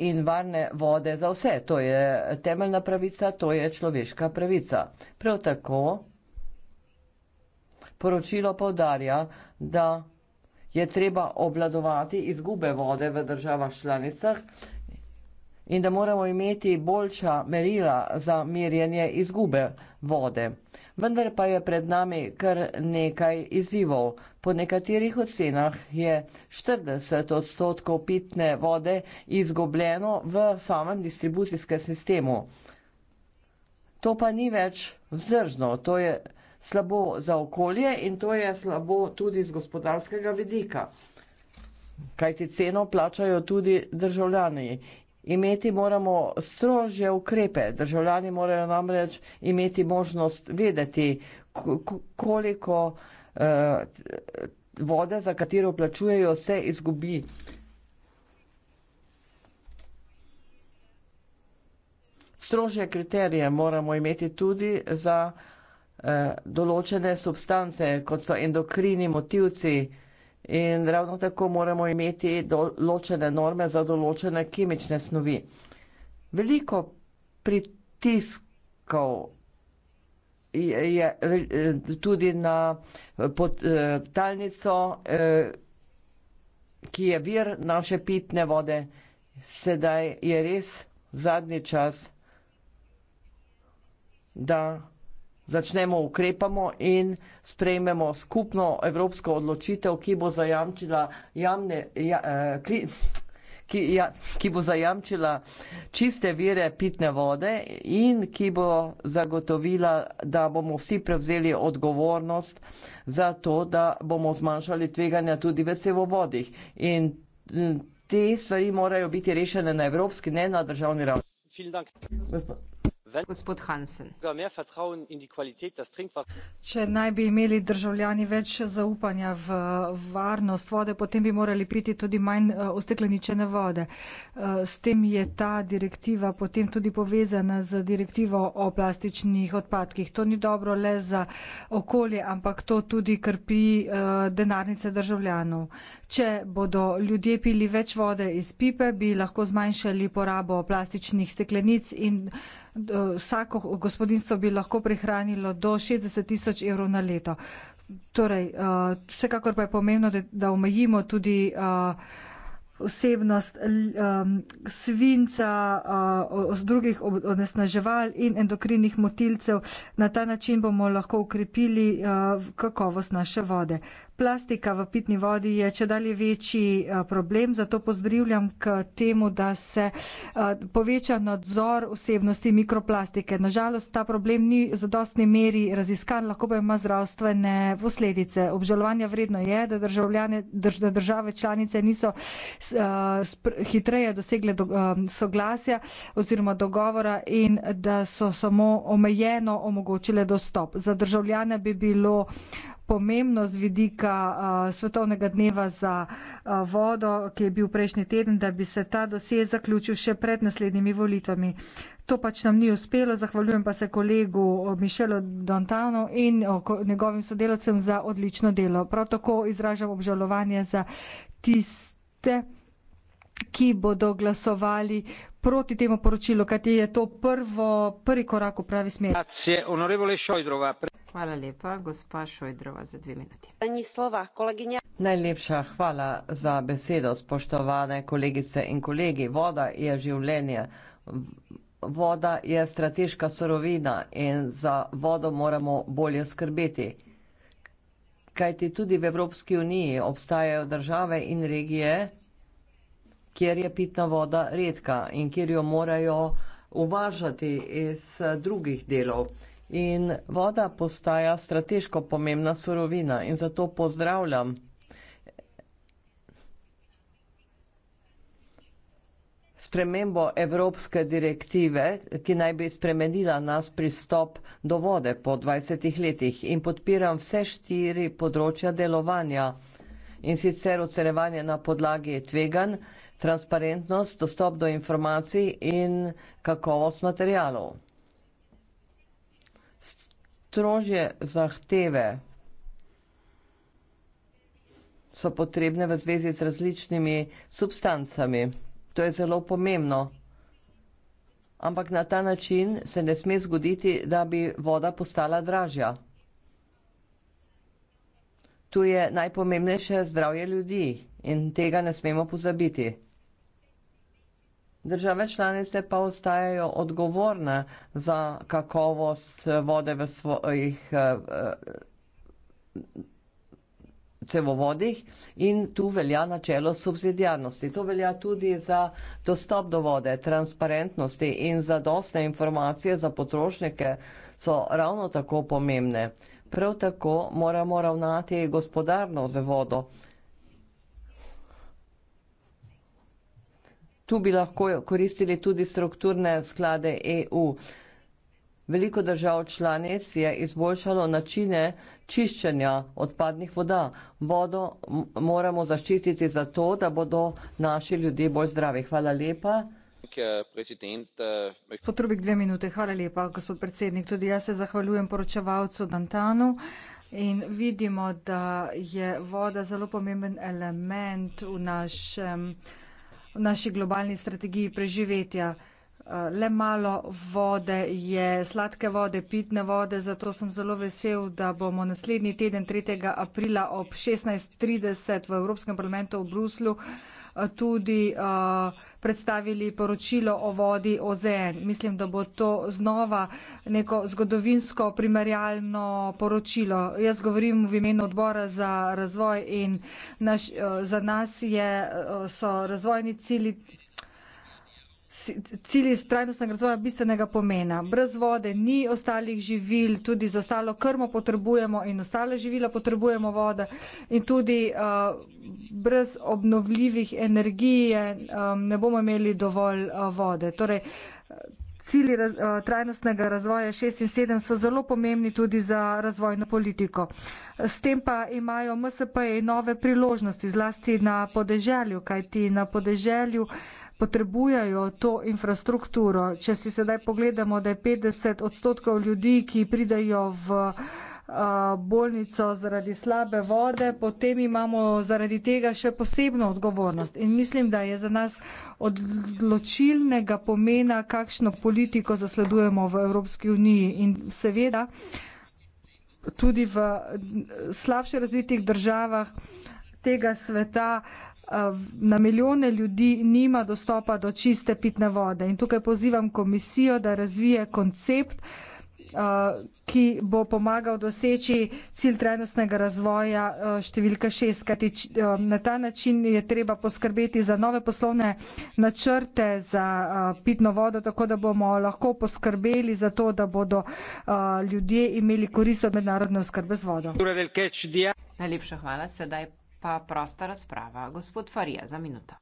in varne vode za vse. To je temeljna pravica, to je človeška pravica. Prav tako poročilo povdarja, da je treba obladovati izgube vode v državah članicah in da moramo imeti boljša merila za merjenje izgube vode. Vendar pa je pred nami kar nekaj izzivov. Po nekaterih ocenah je 40 odstotkov pitne vode izgubljeno v samem distribucijskem sistemu. To pa ni več vzdržno, to je slabo za okolje in to je slabo tudi z gospodarskega vidika. Kajti ceno plačajo tudi državljani Imeti moramo strožje ukrepe. Državljani morajo namreč imeti možnost vedeti, koliko eh, vode, za katero plačujejo, se izgubi. Strožje kriterije moramo imeti tudi za eh, določene substance, kot so endokrini motivci, In ravno tako moramo imeti določene norme za določene kemične snovi. Veliko pritiskov je, je eh, tudi na eh, podtalnico, eh, ki je vir naše pitne vode. Sedaj je res zadnji čas, da začnemo ukrepamo in sprejmemo skupno evropsko odločitev, ki bo zajamčila javne, ja, eh, kli, ki, ja, ki bo zajamčila čiste vire pitne vode in ki bo zagotovila, da bomo vsi prevzeli odgovornost za to, da bomo zmanjšali tveganja tudi v cevovodih. In mm, te stvari morajo biti rešene na evropski, ne na državni ravni. Gospod. Če naj bi imeli državljani več zaupanja v varnost vode, potem bi morali piti tudi manj ustekleničene eh, vode. Eh, s tem je ta direktiva potem tudi povezana z direktivo o plastičnih odpadkih. To ni dobro le za okolje, ampak to tudi krpi eh, denarnice državljanov. Če bodo ljudje pili več vode iz pipe, bi lahko zmanjšali porabo plastičnih steklenic in vsako gospodinstvo bi lahko prihranilo do 60 tisoč evrov na leto. Torej, uh, vsekakor pa je pomembno, da, da omejimo tudi uh, vsebnost um, svinca, uh, drugih onesnaževal in endokrinih motilcev. Na ta način bomo lahko ukrepili uh, kakovost naše vode. Plastika v pitni vodi je če dalje večji eh, problem, zato pozdravljam k temu, da se eh, poveča nadzor vsebnosti mikroplastike. Nažalost, ta problem ni za dostni meri raziskan, lahko pa ima zdravstvene posledice. Obžalovanja vredno je, da, drž, da države članice niso uh, hitreje dosegle do, um, soglasja oziroma dogovora in da so samo omejeno omogočile dostop. Za državljane bi bilo uh, pomembno z vidika uh, svetovnega dneva za uh, vodo, ki je bil prejšnji teden, da bi se ta dosje zaključil še pred naslednjimi volitvami. To pač nam ni uspelo. Zahvaljujem pa se kolegu uh, Mišelu Dontanu in uh, njegovim sodelovcem za odlično delo. Prav tako izražam obžalovanje za tiste, ki bodo glasovali proti temu poročilu, kajti je to prvo, prvi korak v pravi smer. Hvala lepa, gospa Šojdrova, za dve minuti. Ni slova, koleginja. Najlepša hvala za besedo, spoštovane kolegice in kolegi. Voda je življenje. Voda je strateška sorovina in za vodo moramo bolje skrbeti. Kajti tudi v Evropski uniji obstajajo države in regije, kjer je pitna voda redka in kjer jo morajo uvažati iz drugih delov. In voda postaja strateško pomembna surovina in zato pozdravljam. spremembo Evropske direktive, ki naj bi spremenila nas pristop do vode po 20 letih in podpiram vse štiri področja delovanja in sicer ocenevanje na podlagi tvegan, transparentnost, dostop do informacij in kakovost materialov strožje zahteve so potrebne v zvezi z različnimi substancami. To je zelo pomembno. Ampak na ta način se ne sme zgoditi, da bi voda postala dražja. Tu je najpomembnejše zdravje ljudi in tega ne smemo pozabiti. Države članice pa ostajajo odgovorne za kakovost vode v svojih eh, eh, cevovodih in tu velja načelo subsidijarnosti. To velja tudi za dostop do vode, transparentnosti in za dostne informacije za potrošnike so ravno tako pomembne. Prav tako moramo ravnati gospodarno z vodo. Tu bi lahko koristili tudi strukturne sklade EU. Veliko držav članic je izboljšalo načine čiščenja odpadnih voda. Vodo moramo zaščititi zato, da bodo naši ljudje bolj zdravi. Hvala lepa. Potrubik dve minute. Hvala lepa, gospod predsednik. Tudi jaz se zahvaljujem poročevalcu Dantanu. In vidimo, da je voda zelo pomemben element v našem. Um, v naši globalni strategiji preživetja. Eh, le malo vode je, sladke vode, pitne vode, zato sem zelo vesel, da bomo naslednji teden, 3. aprila ob 16.30 v Evropskem parlamentu v Bruslu, tudi predstavili poročilo o vodi OZN. Mislim, da bo to znova neko zgodovinsko primerjalno poročilo. Jaz govorim v imenu odbora za razvoj in naš, za nas je, so razvojni cilji cilji trajnostnega razvoja bistvenega pomena. Brez vode ni ostalih živil, tudi za ostalo krmo potrebujemo in ostale živila potrebujemo vode in tudi uh, brez obnovljivih energije um, ne bomo imeli dovolj uh, vode. Torej, cilji raz, uh, trajnostnega razvoja 6 in 7 so zelo pomembni tudi za razvojno politiko. S tem pa imajo MSP nove priložnosti, zlasti na podeželju, kajti na podeželju uh, potrebujejo to infrastrukturo. Če si sedaj pogledamo, da je 50 odstotkov ljudi, ki pridejo v eh, bolnico zaradi slabe vode, potem imamo zaradi tega še posebno odgovornost. In mislim, da je za nas odločilnega pomena, kakšno politiko zasledujemo v Evropski uniji. In seveda tudi v slabše razvitih državah tega sveta Eh, na milijone ljudi nima dostopa do čiste pitne vode. In tukaj pozivam komisijo, da razvije koncept, eh, ki bo pomagal doseči cilj trajnostnega razvoja eh, številka šest. Kajti na ta način je treba poskrbeti za nove poslovne načrte za pitno vodo, tako da bomo lahko poskrbeli za to, da bodo ljudje imeli korist od mednarodne oskrbe z vodo. Najlepša hvala. Sedaj pa prosta razprava. Gospod Farija, za minuto.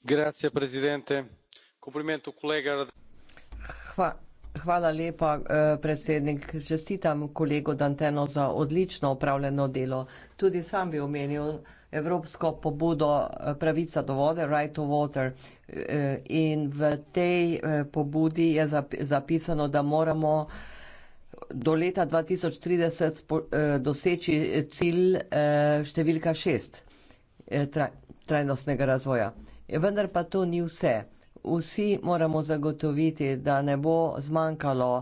Grazie, presidente. Komplimento kolega. Hva, hvala lepa, eh, predsednik. Čestitam kolego Danteno za odlično upravljeno delo. Tudi sam bi omenil evropsko pobudo eh, pravica do vode, right to water. Eh, in v tej pobudi je zapisano, da moramo do leta 2030 eh, doseči cilj eh, številka šest eh, trajnostnega razvoja. Vendar pa to ni vse. Vsi moramo zagotoviti, da ne bo zmanjkalo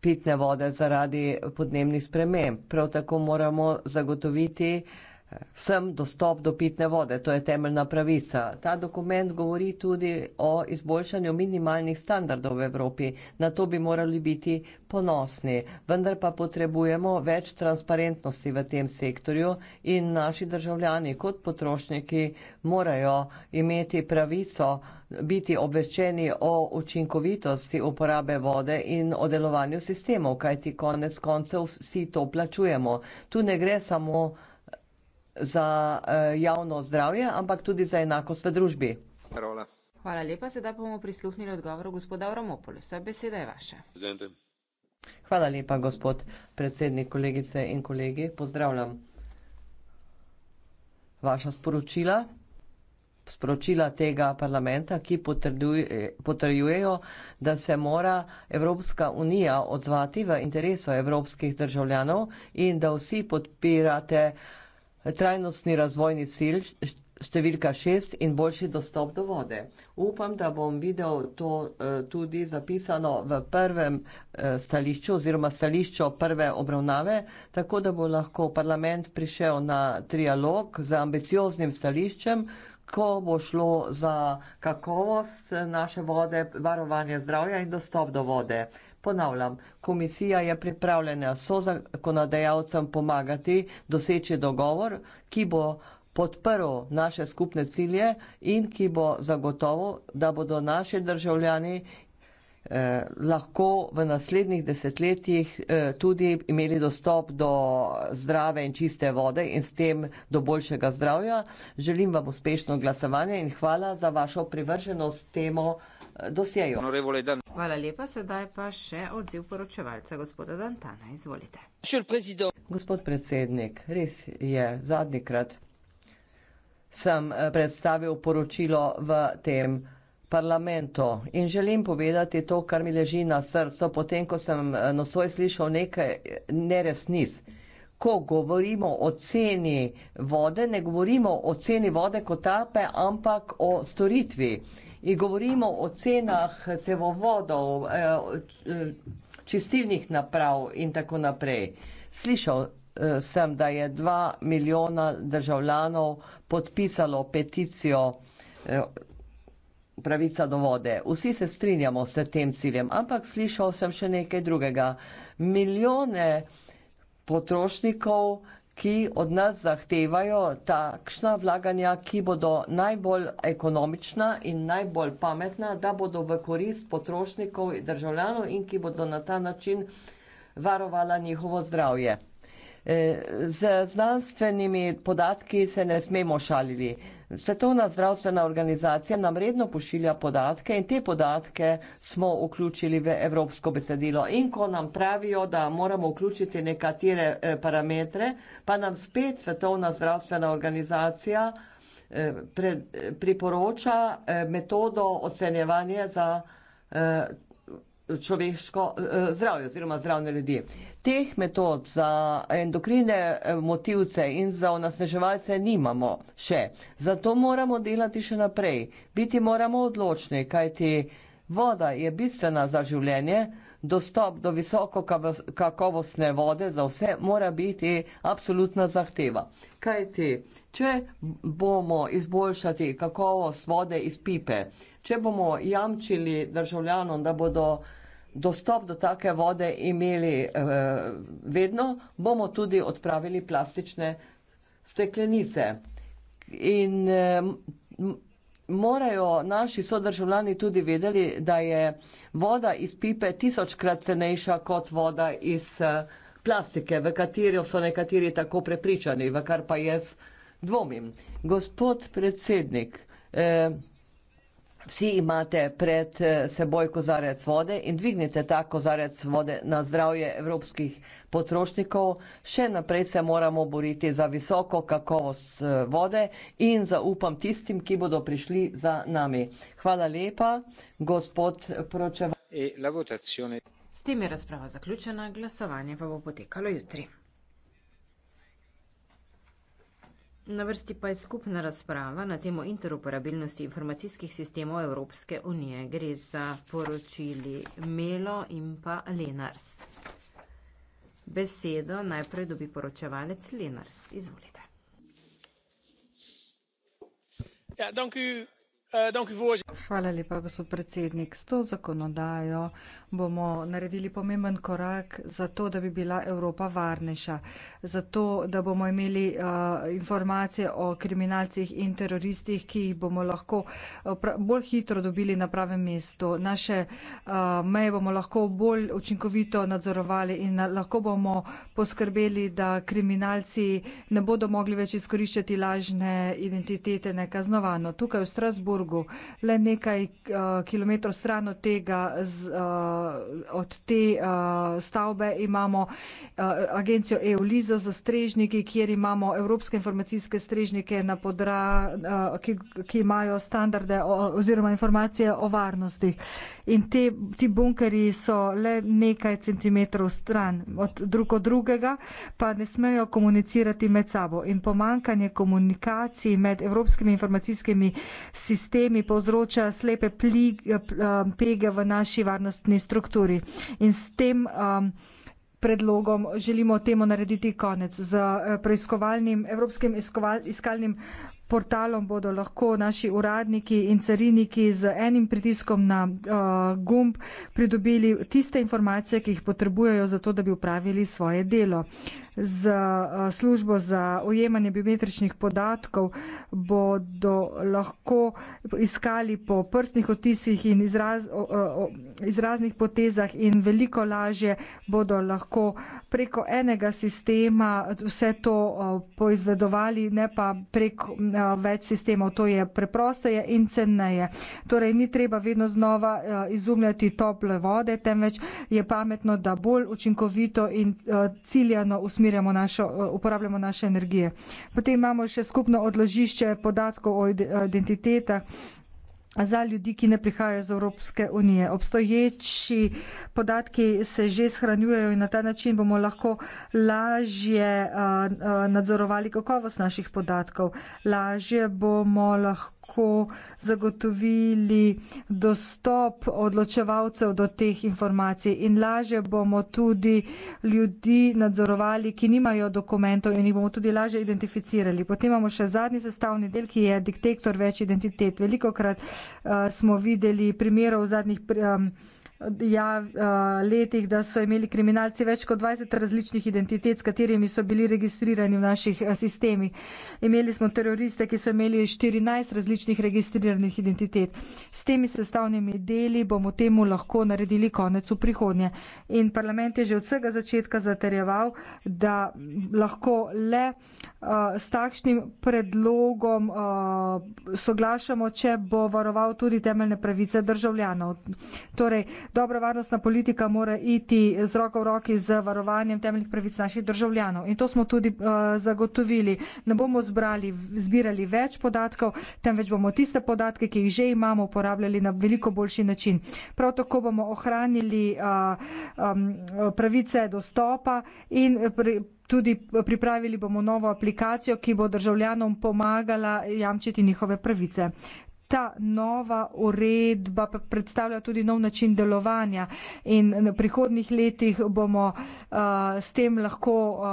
pitne vode zaradi podnebnih sprememb. Prav tako moramo zagotoviti, vsem dostop do pitne vode, to je temeljna pravica. Ta dokument govori tudi o izboljšanju minimalnih standardov v Evropi. Na to bi morali biti ponosni. Vendar pa potrebujemo več transparentnosti v tem sektorju in naši državljani kot potrošniki morajo imeti pravico biti obveščeni o učinkovitosti uporabe vode in o delovanju sistemov, kajti konec koncev vsi to plačujemo. Tu ne gre samo za eh, javno zdravje, ampak tudi za enakost v družbi. Hvala. Hvala lepa, sedaj bomo prisluhnili odgovoru gospoda Avramopolisa. Beseda je vaša. Zdajte. Hvala lepa, gospod predsednik, kolegice in kolegi. Pozdravljam vaša sporočila, sporočila tega parlamenta, ki potrjujejo, da se mora Evropska unija odzvati v interesu evropskih državljanov in da vsi podpirate trajnostni razvojni cilj številka šest in boljši dostop do vode. Upam, da bom videl to eh, tudi zapisano v prvem eh, stališču oziroma stališču prve obravnave, tako da bo lahko parlament prišel na trialog z ambicioznim stališčem, ko bo šlo za kakovost naše vode, varovanje zdravja in dostop do vode. Ponavljam, komisija je pripravljena so zakonodajalcem pomagati doseči dogovor, ki bo podprl naše skupne cilje in ki bo zagotovo, da bodo naši državljani Eh, lahko v naslednjih desetletjih eh, tudi imeli dostop do zdrave in čiste vode in s tem do boljšega zdravja. Želim vam uspešno glasovanje in hvala za vašo privrženost temu eh, dosjeju. Hvala lepa, sedaj pa še odziv poročevalca gospoda Dantana. Izvolite. Gospod predsednik, res je, zadnjikrat sem predstavil poročilo v tem parlamentu in želim povedati to, kar mi leži na srcu, potem, ko sem eh, nosoj slišal nekaj eh, neresnic. Ko govorimo o ceni vode, ne govorimo o ceni vode kot tape, ampak o storitvi. In govorimo o cenah cevovodov, eh, čistilnih naprav in tako naprej. Slišal sem, da je dva milijona državljanov podpisalo peticijo pravica do vode. Vsi se strinjamo s tem ciljem, ampak slišal sem še nekaj drugega. Milijone potrošnikov, ki od nas zahtevajo takšna vlaganja, ki bodo najbolj ekonomična in najbolj pametna, da bodo v korist potrošnikov in državljanov in ki bodo na ta način varovala njihovo zdravje. Eh, z znanstvenimi podatki se ne smemo šaliti. Svetovna zdravstvena organizacija nam redno pošilja podatke in te podatke smo vključili v evropsko besedilo. In ko nam pravijo, da moramo vključiti nekatere eh, parametre, pa nam spet Svetovna zdravstvena organizacija eh, priporoča eh, metodo ocenjevanja za človeško eh, zdravje oziroma zdravne ljudi. Teh metod za endokrine eh, motivce in za onasneževalce nimamo še. Zato moramo delati še naprej. Biti moramo odločni, kajti voda je bistvena za življenje. Dostop do visoko kakovostne vode za vse mora biti apsolutna zahteva. Kaj ti, če bomo izboljšati kakovost vode iz pipe, če bomo jamčili državljanom, da bodo uh, dostop do take vode imeli eh, vedno, bomo tudi odpravili plastične steklenice. In eh, morajo naši sodržavljani tudi vedeli, da je voda iz pipe tisočkrat cenejša kot voda iz eh, plastike, v katero so nekateri tako prepričani, v kar pa jaz dvomim. Gospod predsednik, eh, vsi imate pred eh, seboj kozarec vode in dvignite ta kozarec vode na zdravje evropskih potrošnikov. Še naprej se moramo boriti za visoko kakovost eh, vode in zaupam tistim, ki bodo prišli za nami. Hvala lepa, gospod Pročeva. E S tem je razprava zaključena, glasovanje pa bo potekalo jutri. Na vrsti pa je skupna razprava na temo interoperabilnosti informacijskih sistemov Evropske unije. Gre za poročili Melo in pa Lenars. Besedo najprej dobi poročevalec Lenars. Izvolite. Ja, dank u, Eh, Hvala lepa, gospod predsednik. S to zakonodajo bomo naredili pomemben korak za to, da bi bila Evropa varnejša, za to, da bomo imeli uh, informacije o kriminalcih in teroristih, ki jih bomo lahko eh, bolj hitro dobili na pravem mestu. Naše uh, meje bomo lahko bolj učinkovito nadzorovali in na, lahko bomo poskrbeli, da kriminalci ne bodo mogli več izkoriščati lažne identitete nekaznovano. Tukaj v Strasburgu Luksemburgu, le nekaj uh, kilometrov stran od tega, z, uh, od te uh, stavbe imamo uh, agencijo EOLIZO za strežniki, kjer imamo evropske informacijske strežnike, podra, uh, ki, ki imajo standarde o, oziroma informacije o varnosti. In te, ti bunkerji so le nekaj centimetrov stran od drugo drugega, pa ne smejo komunicirati med sabo. In pomankanje komunikacij med evropskimi informacijskimi sistemi sistemi povzroča slepe eh, eh, pege v naši varnostni strukturi. In s tem eh, predlogom želimo temu narediti konec. Z preiskovalnim, evropskim iskalnim portalom bodo lahko naši uradniki in cariniki z enim pritiskom na uh, gumb pridobili tiste informacije, ki jih potrebujejo za to, da bi upravili svoje delo. Z uh, službo za ujemanje biometričnih podatkov bodo lahko iskali po prstnih otisih in izraz, o, o, izraznih potezah in veliko lažje bodo lahko preko enega sistema vse to o, eh, poizvedovali, ne pa preko več sistemov. To je preprosteje in cenneje. Torej, ni treba vedno znova eh, izumljati tople vode, temveč je pametno, da bolj učinkovito in eh, ciljano usmerjamo našo, eh, uporabljamo naše energije. Potem imamo še skupno odložišče podatkov o identitetah za ljudi, ki ne prihajajo iz Evropske unije. Obstoječi podatki se že shranjujejo in na ta način bomo lahko lažje uh, nadzorovali kakovost naših podatkov. Lažje bomo lahko lahko zagotovili dostop odločevalcev do teh informacij in lažje bomo tudi ljudi nadzorovali, ki nimajo dokumentov in jih bomo tudi lažje identificirali. Potem imamo še zadnji sestavni del, ki je detektor več identitet. Veliko krat uh, eh, smo videli primerov zadnjih um, ja, eh, letih, da so imeli kriminalci več kot 20 različnih identitet, s katerimi so bili registrirani v naših eh, sistemih. Imeli smo teroriste, ki so imeli 14 različnih registriranih identitet. S temi sestavnimi deli bomo temu lahko naredili konec v prihodnje. In parlament je že od vsega začetka zaterjeval, da lahko le uh, s takšnim predlogom soglašamo, če bo varoval tudi temeljne pravice državljanov. Torej, dobra varnostna politika mora iti z roko v roki z varovanjem temeljnih pravic naših državljanov. In to smo tudi zagotovili. Ne bomo zbirali več podatkov, temveč bomo tiste podatke, ki jih že imamo, uporabljali na veliko boljši način. Prav tako bomo ohranili pravice dostopa in pravice Tudi pripravili bomo novo aplikacijo, ki bo državljanom pomagala jamčiti njihove pravice ta nova uredba predstavlja tudi nov način delovanja in na prihodnih letih bomo uh, s tem lahko uh,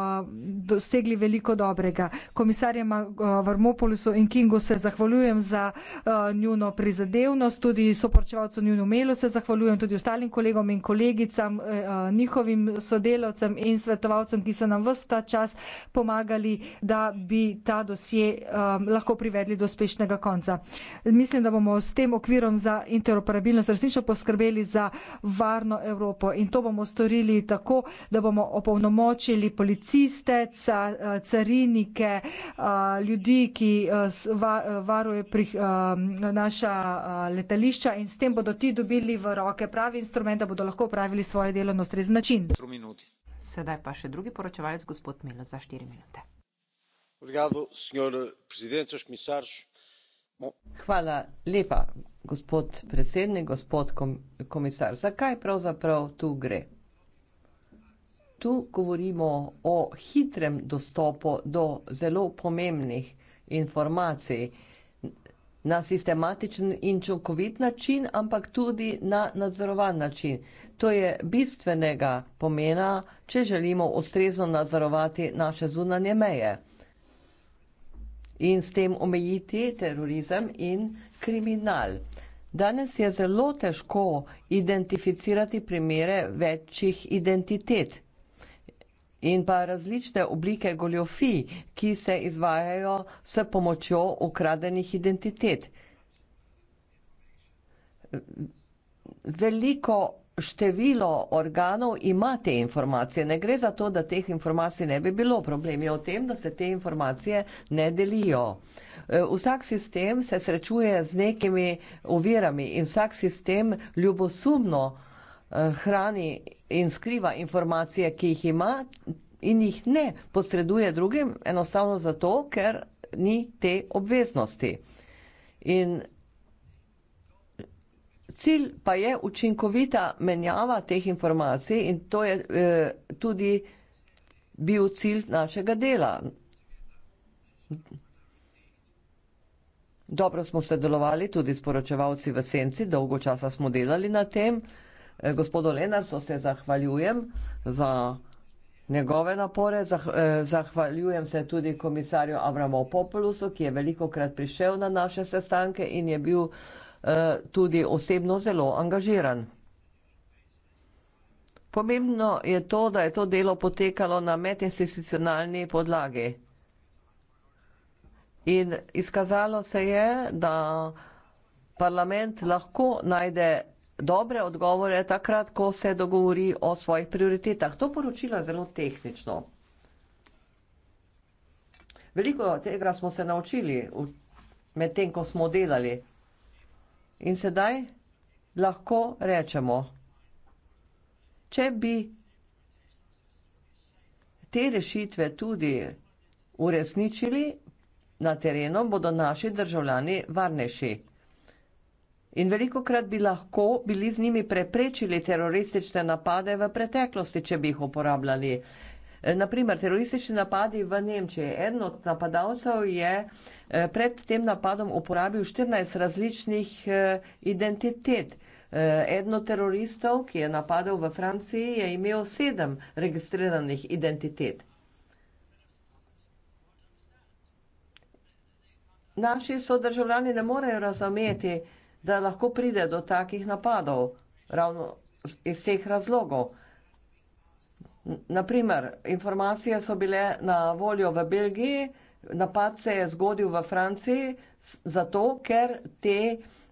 dosegli veliko dobrega. Komisarjema uh, Varmopolusu in Kingu se zahvaljujem za uh, njuno prizadevnost, tudi soporočevalcu njuno melu se zahvaljujem, tudi ostalim kolegom in kolegicam, uh, njihovim sodelovcem in svetovalcem, ki so nam vse ta čas pomagali, da bi ta dosje uh, lahko privedli do uspešnega konca. Mislim, mislim, da bomo s tem okvirom za interoperabilnost resnično poskrbeli za varno Evropo in to bomo storili tako, da bomo opolnomočili policiste, eh, carinike, eh, ljudi, ki eh, varuje naša letališča in s tem bodo ti dobili v roke pravi instrument, da bodo lahko upravili svoje delo na ustrezen način. Sedaj pa še drugi poročevalec, gospod Milo, za štiri minute. Obrigado, senhor presidente, senhor comissários. Hvala lepa, gospod predsednik, gospod komisar. Zakaj pravzaprav tu gre? Tu govorimo o hitrem dostopu do zelo pomembnih informacij na sistematičen in čokovit način, ampak tudi na nadzorovan način. To je bistvenega pomena, če želimo ustrezno nadzorovati naše zunanje meje in s tem omejiti terorizem in kriminal. Danes je zelo težko identificirati primere večjih identitet in pa različne oblike goljofij, ki se izvajajo s pomočjo ukradenih identitet. Veliko število organov ima te informacije. Ne gre za to, da teh informacij ne bi bilo. Problem je v tem, da se te informacije ne delijo. E, vsak sistem se srečuje z nekimi ovirami in vsak sistem ljubosumno e, hrani in skriva informacije, ki jih ima in jih ne posreduje drugim, enostavno zato, ker ni te obveznosti. In cilj pa je učinkovita menjava teh informacij in to je eh, tudi bil cilj našega dela. Dobro smo sodelovali tudi s poročevalci v Senci, dolgo časa smo delali na tem. Eh, gospodo Lenarco se zahvaljujem za njegove napore, Zah, eh, zahvaljujem se tudi komisarju Avramo Populusu, ki je veliko krat prišel na naše sestanke in je bil eh, Eh, tudi osebno zelo angažiran. Pomembno je to, da je to delo potekalo na medinstitucionalni podlagi. In izkazalo se je, da parlament lahko najde dobre odgovore takrat, ko se dogovori o svojih prioritetah. To poročilo je zelo tehnično. Veliko tega smo se naučili medtem, ko smo delali. In sedaj lahko rečemo, če bi te rešitve tudi uresničili na terenu, bodo naši državljani varnejši. In veliko krat bi lahko bili z njimi preprečili teroristične napade v preteklosti, če bi jih uporabljali. Eh, Naprimer, teroristični napadi v Nemčiji. Eden od napadalcev je eh, pred tem napadom uporabil 14 različnih eh, identitet. Eden od teroristov, ki je napadel v Franciji, je imel sedem registriranih identitet. Naši sodržavljani ne morejo razumeti, da lahko pride do takih napadov ravno iz teh razlogov. Naprimer, informacije so bile na voljo v Belgiji, napad se je zgodil v Franciji, zato ker te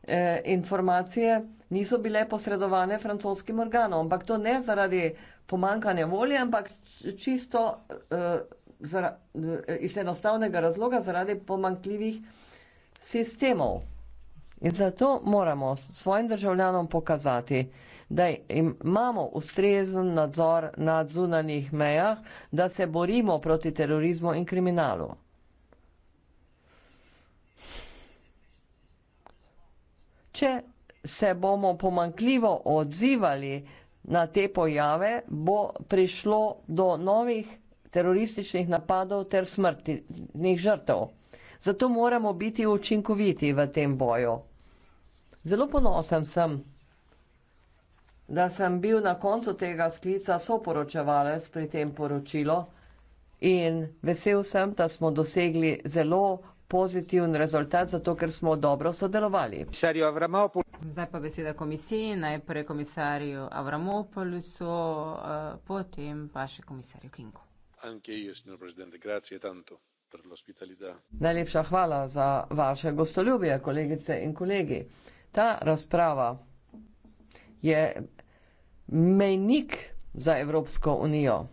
eh, informacije niso bile posredovane francoskim organom. Ampak to ne zaradi pomankanja volje, ampak čisto eh, zara, eh, iz enostavnega razloga zaradi pomankljivih sistemov. In zato moramo svojim državljanom pokazati, da imamo ustrezen nadzor nad zunanjih mejah, da se borimo proti terorizmu in kriminalu. Če se bomo pomankljivo odzivali na te pojave, bo prišlo do novih terorističnih napadov ter smrtnih žrtev. Zato moramo biti učinkoviti v tem boju. Zelo ponosen sem da sem bil na koncu tega sklica soporočevalec pri tem poročilu in vesel sem, da smo dosegli zelo pozitiven rezultat, zato ker smo dobro sodelovali. Zdaj pa beseda komisiji, najprej komisarju Avramopolisu, eh, potem pa še komisarju Kingu. Najlepša hvala za vaše gostoljubje, kolegice in kolegi. Ta razprava je mejnik za Evropsko unijo.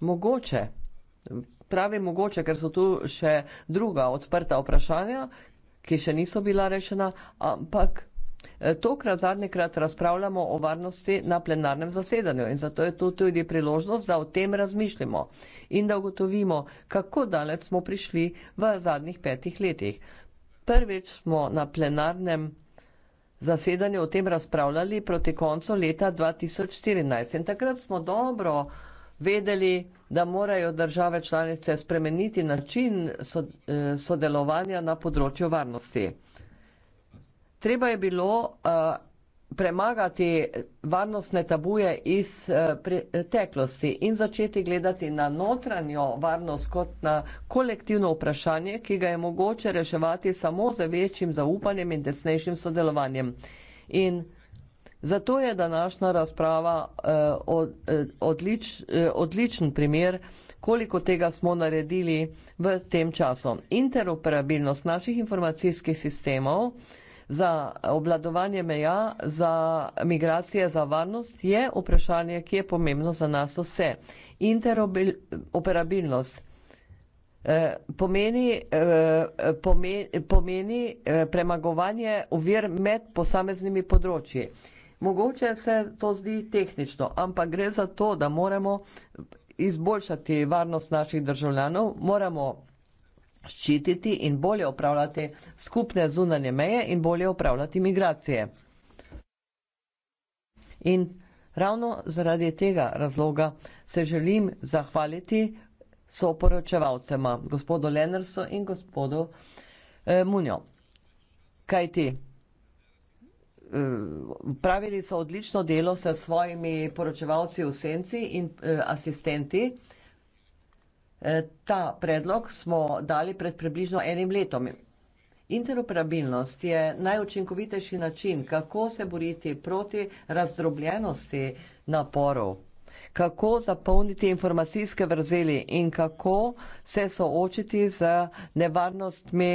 Mogoče, pravi mogoče, ker so tu še druga odprta vprašanja, ki še niso bila rešena, ampak eh, tokrat zadnjikrat razpravljamo o varnosti na plenarnem zasedanju in zato je tu tudi priložnost, da o tem razmišljamo in da ugotovimo, kako daleč smo prišli v zadnjih petih letih. Prvič smo na plenarnem zasedanju zasedanju o tem razpravljali proti koncu leta 2014. In takrat smo dobro vedeli, da morajo države članice spremeniti način eh, sodelovanja na področju varnosti. Treba je bilo eh, premagati varnostne tabuje iz eh, preteklosti in začeti gledati na notranjo varnost kot na kolektivno vprašanje, ki ga je mogoče reševati samo z večjim zaupanjem in tesnejšim sodelovanjem. In zato je današnja razprava eh, eh, odlič, odličen primer, koliko tega smo naredili v tem času. Interoperabilnost naših informacijskih sistemov za obladovanje meja, za migracije, za varnost, je vprašanje, ki je pomembno za nas vse. Interoperabilnost eh, pomeni, eh, pomeni, pomeni eh, premagovanje uvir med posameznimi področji. Mogoče se to zdi tehnično, ampak gre za to, da moramo izboljšati varnost naših državljanov, moramo ščititi in bolje upravljati skupne zunanje meje in bolje upravljati migracije. In ravno zaradi tega razloga se želim zahvaliti soporočevalcema, gospodu Lenarsu in gospodu eh, Munjo. Kaj ti? Eh, Pravili so odlično delo s svojimi poročevalci v senci in eh, asistenti. Eh, ta predlog smo dali pred približno enim letom. Interoperabilnost je najučinkovitejši način, kako se boriti proti razdrobljenosti naporov, kako zapolniti informacijske vrzeli in kako se soočiti z nevarnostmi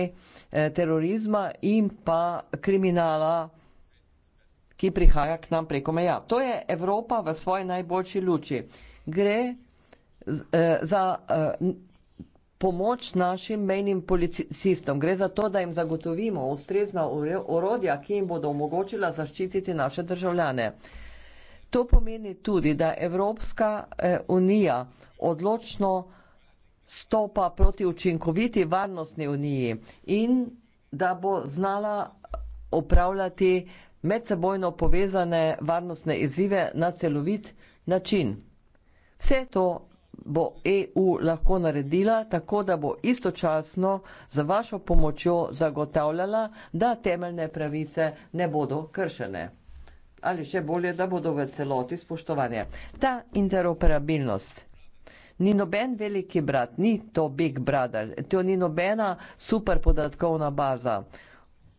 eh, terorizma in pa kriminala, ki prihaja k nam preko meja. To je Evropa v svoji najboljši luči. Gre Eh, za eh, pomoč našim mejnim policistom. Gre za to, da jim zagotovimo ustrezna orodja, ki jim bodo omogočila zaščititi naše državljane. To pomeni tudi, da Evropska eh, unija odločno stopa proti učinkoviti varnostni uniji in da bo znala upravljati medsebojno povezane varnostne izzive na celovit način. Vse to bo EU lahko naredila, tako da bo istočasno za vašo pomočjo zagotavljala, da temeljne pravice ne bodo kršene. Ali še bolje, da bodo v celoti spoštovanje. Ta interoperabilnost. Ni noben veliki brat, ni to Big Brother, to ni nobena super podatkovna baza.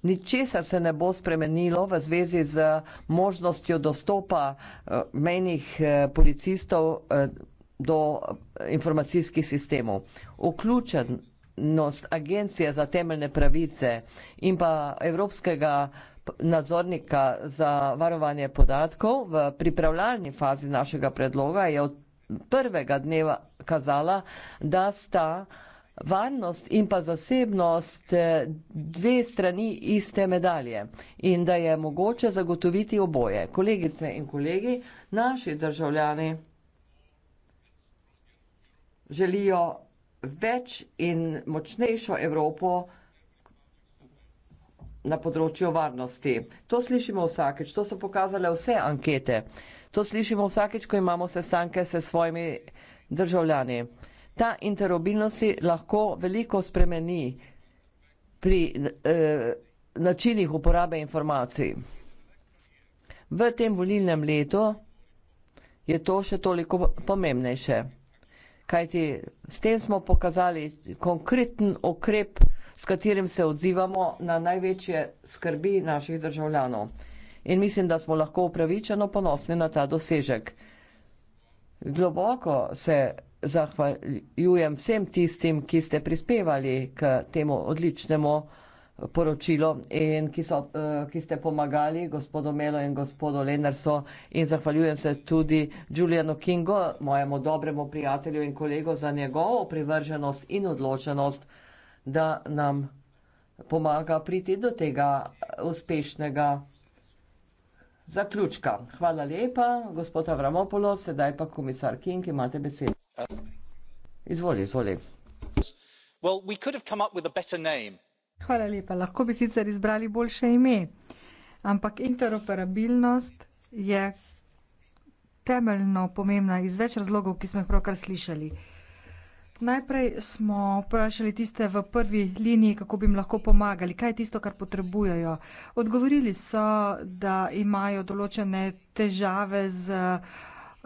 Ničesar se ne bo spremenilo v zvezi z možnostjo dostopa eh, mejnih eh, policistov eh, do informacijskih sistemov. Vključenost agencije za temeljne pravice in pa evropskega nadzornika za varovanje podatkov v pripravljalni fazi našega predloga je od prvega dneva kazala, da sta varnost in pa zasebnost eh, dve strani iste medalje in da je mogoče zagotoviti oboje. Kolegice in kolegi, naši državljani želijo več in močnejšo Evropo na področju varnosti. To slišimo vsakeč, to so pokazale vse ankete. To slišimo vsakeč, ko imamo sestanke s se svojimi državljani. Ta interobilnost lahko veliko spremeni pri eh, načinih uporabe informacij. V tem volilnem letu je to še toliko pomembnejše kajti s tem smo pokazali konkreten okrep, s katerim se odzivamo na največje skrbi naših državljanov. In mislim, da smo lahko upravičeno ponosni na ta dosežek. Globoko se zahvaljujem vsem tistim, ki ste prispevali k temu odličnemu poročilo in ki, so, eh, ki ste pomagali gospodu Melo in gospodu Lenarso in zahvaljujem se tudi Julianu Kingu, mojemu dobremu prijatelju in kolegu za njegovo privrženost in odločenost, da nam pomaga priti do tega eh, uspešnega zaključka. Hvala lepa, gospod Avramopolo, sedaj pa komisar King, imate besedo. Uh. Izvoli, izvoli. Well, we could have come up with a better name Hvala lepa. Lahko bi sicer izbrali boljše ime, ampak interoperabilnost je temeljno pomembna iz več razlogov, ki smo jih pravkar slišali. Najprej smo vprašali tiste v prvi liniji, kako bi jim lahko pomagali, kaj je tisto, kar potrebujejo. Odgovorili so, da imajo določene težave z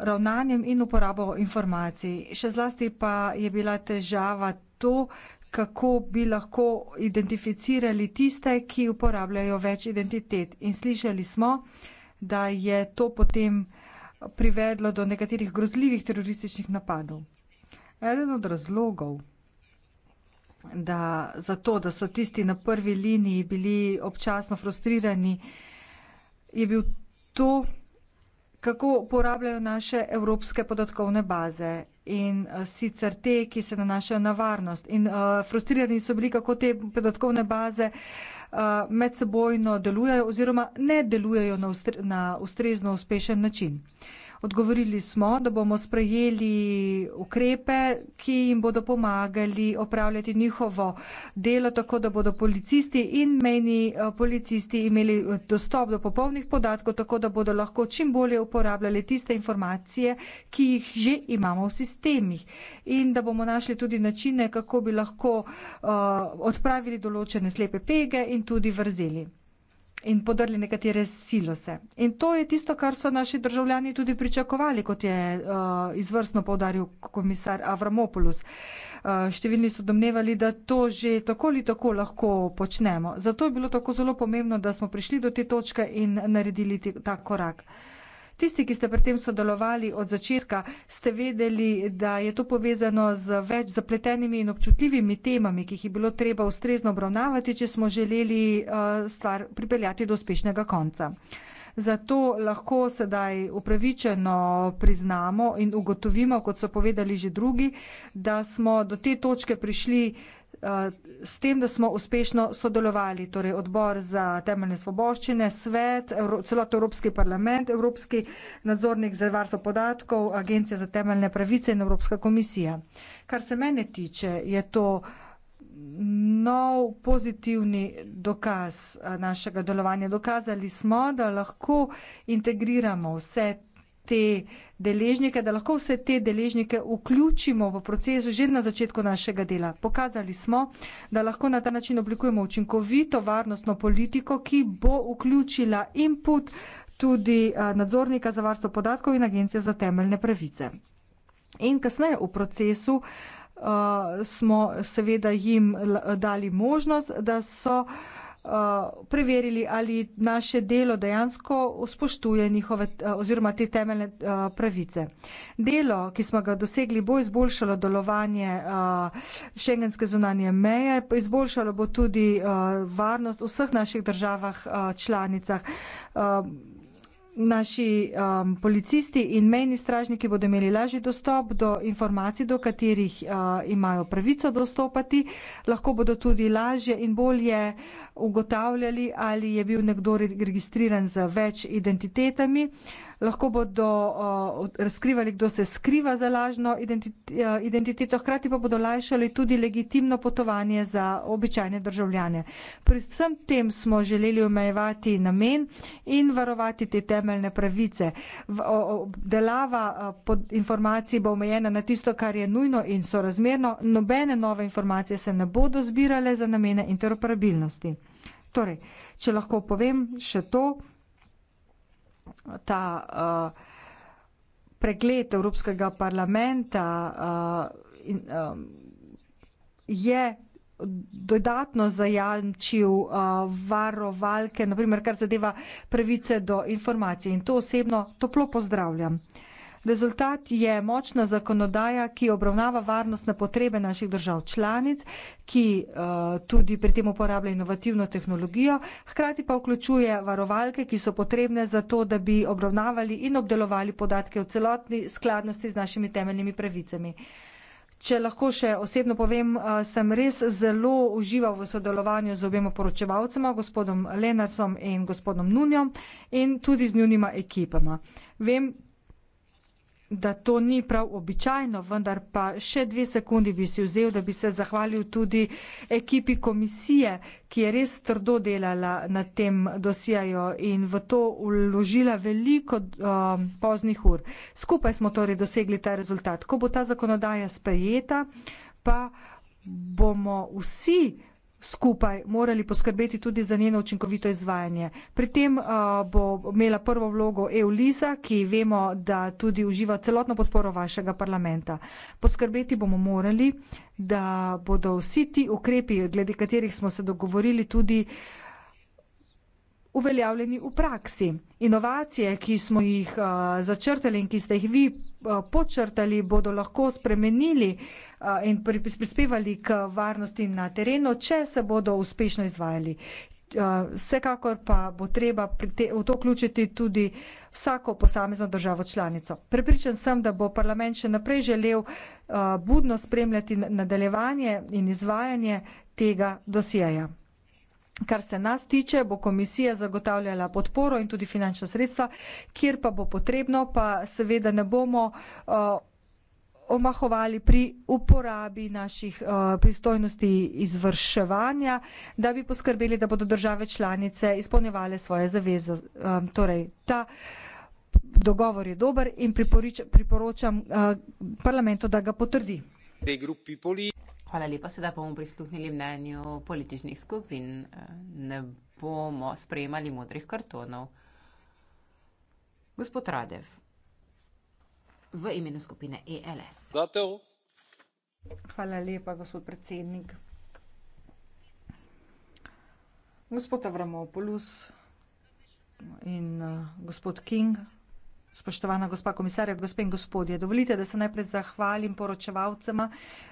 ravnanjem in uporabo informacij. Še zlasti pa je bila težava to, kako bi lahko identificirali tiste, ki uporabljajo več identitet. In slišali smo, da je to potem privedlo do nekaterih grozljivih terorističnih napadov. Eden od razlogov, da za to, da so tisti na prvi liniji bili občasno frustrirani, je bil to, kako uporabljajo naše evropske podatkovne baze in uh, sicer te, ki se nanašajo na varnost. In uh, frustrirani so bili, kako te podatkovne baze uh, medsebojno delujejo oziroma ne delujejo na, ustre na ustrezno uspešen način. Uh, Odgovorili smo, da bomo sprejeli ukrepe, ki jim bodo pomagali opravljati njihovo delo, tako da bodo policisti in meni eh, policisti imeli eh, dostop do popolnih podatkov, tako da bodo lahko čim bolje uporabljali tiste informacije, ki jih že imamo v sistemih. In da bomo našli tudi načine, kako bi lahko uh, odpravili določene slepe pege in tudi vrzeli in podrli nekatere silose. In to je tisto, kar so naši državljani tudi pričakovali, kot je uh, izvrstno povdaril komisar Avramopoulos. Uh, številni so domnevali, da to že tako ali tako lahko počnemo. Zato je bilo tako zelo pomembno, da smo prišli do te točke in naredili te, ta korak. Uh, Tisti, ki ste pri tem sodelovali od začetka, ste vedeli, da je to povezano z več zapletenimi in občutljivimi temami, ki jih je bilo treba ustrezno obravnavati, če smo želeli uh, stvar pripeljati do uspešnega konca. Zato lahko sedaj upravičeno priznamo in ugotovimo, kot so povedali že drugi, da smo do te točke prišli eh, s tem, da smo uspešno sodelovali, torej odbor za temeljne svoboščine, svet, celotno Evropski parlament, Evropski nadzornik za varstvo podatkov, Agencija za temeljne pravice in Evropska komisija. Kar se mene tiče, je to uh, nov pozitivni dokaz eh, našega delovanja. Dokazali smo, da lahko integriramo vse te deležnike, da lahko vse te deležnike vključimo v proces že na začetku našega dela. Pokazali smo, da lahko na ta način oblikujemo učinkovito varnostno politiko, ki bo vključila input tudi eh, nadzornika za varstvo podatkov in agencije za temeljne pravice. In kasneje v procesu uh, uh, smo seveda jim dali možnost, da so uh, preverili, ali naše delo dejansko spoštuje njihove eh, oziroma te temeljne uh, pravice. Delo, ki smo ga dosegli, bo izboljšalo delovanje uh, šengenske zunanje meje, izboljšalo bo tudi uh, varnost v vseh naših državah uh, članicah. Uh, naši um, policisti in mejni stražniki bodo imeli lažji dostop do informacij, do katerih uh, imajo pravico dostopati. Lahko bodo tudi lažje in bolje ugotavljali, ali je bil nekdo registriran z več identitetami. Uh, lahko bodo razkrivali, kdo se skriva za lažno eh, identiteto, hkrati pa bodo lajšali tudi legitimno potovanje za običajne državljane. Pri vsem tem smo želeli omejevati namen in varovati te temeljne pravice. Delava eh, informacij bo omejena na tisto, kar je nujno in sorazmerno, nobene nove informacije se ne bodo zbirale za namene interoperabilnosti. Torej, če lahko povem še to, ta uh, pregled Evropskega parlamenta uh, in, um, je dodatno zajančil uh, varovalke, naprimer, kar zadeva pravice do informacij. In to osebno toplo pozdravljam. Rezultat je močna zakonodaja, ki obravnava varnostne potrebe naših držav članic, ki uh, tudi pri tem uporablja inovativno tehnologijo, hkrati pa vključuje varovalke, ki so potrebne za to, da bi obravnavali in obdelovali podatke v celotni skladnosti z našimi temeljnimi pravicami. Če lahko še osebno povem, eh, sem res zelo užival v sodelovanju z objema poročevalcema, gospodom Lenarcom in gospodom Nunjom in tudi z njunima ekipama. Vem, da to ni prav običajno, vendar pa še dve sekundi bi si vzel, da bi se zahvalil tudi ekipi komisije, ki je res trdo delala na tem dosijaju in v to uložila veliko um, poznih ur. Skupaj smo torej dosegli ta rezultat. Ko bo ta zakonodaja sprejeta, pa bomo vsi skupaj morali poskrbeti tudi za njeno učinkovito izvajanje. Pri tem uh, bo imela prvo vlogo EU-LISA, ki vemo, da tudi uživa celotno podporo vašega parlamenta. Poskrbeti bomo morali, da bodo vsi ti ukrepi, glede katerih smo se dogovorili, tudi uh, uveljavljeni v praksi. Inovacije, ki smo jih eh, začrtali in ki ste jih vi eh, počrtali, bodo lahko spremenili eh, in prispevali k varnosti na terenu, če se bodo uspešno izvajali. Vsekakor pa bo treba v to vključiti tudi vsako posamezno državo članico. Prepričan sem, da bo parlament še naprej želel budno spremljati nadaljevanje in izvajanje tega dosjeja. Kar se nas tiče, bo komisija zagotavljala podporo in tudi finančna sredstva, kjer pa bo potrebno, pa seveda ne bomo uh, omahovali pri uporabi naših uh, pristojnosti izvrševanja, da bi poskrbeli, da bodo države članice izpolnjevale svoje zaveze. Um, torej, ta dogovor je dober in priporoč priporočam uh, parlamentu, da ga potrdi. Hvala lepa. Sedaj pa bomo prisluhnili mnenju političnih skupin. Ne bomo sprejemali modrih kartonov. Gospod Radev, v imenu skupine ELS. Zato. Hvala lepa, gospod predsednik. Gospod Avramopoulos in uh, gospod King, spoštovana gospa komisarja, gospe in gospodje, dovolite, da se najprej zahvalim poročevalcema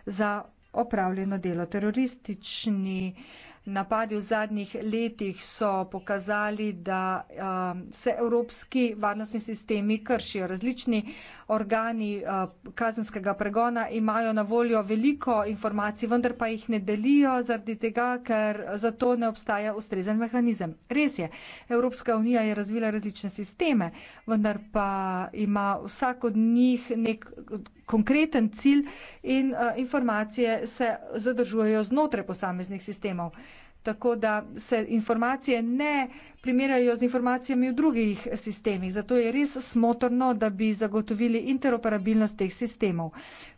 za opravljeno delo. Teroristični uh, napadi v zadnjih letih so pokazali, da um, se evropski varnostni sistemi kršijo. Različni organi uh, kazenskega pregona imajo na voljo veliko informacij, vendar pa jih ne delijo zaradi tega, ker zato ne obstaja ustrezen mehanizem. Res je, Evropska unija je razvila različne sisteme, vendar pa ima vsak od njih nek konkreten cilj in uh, informacije se zadržujejo znotraj posameznih sistemov tako da se informacije ne primerjajo z informacijami v drugih sistemih. Zato je res smotrno, da bi zagotovili interoperabilnost teh sistemov.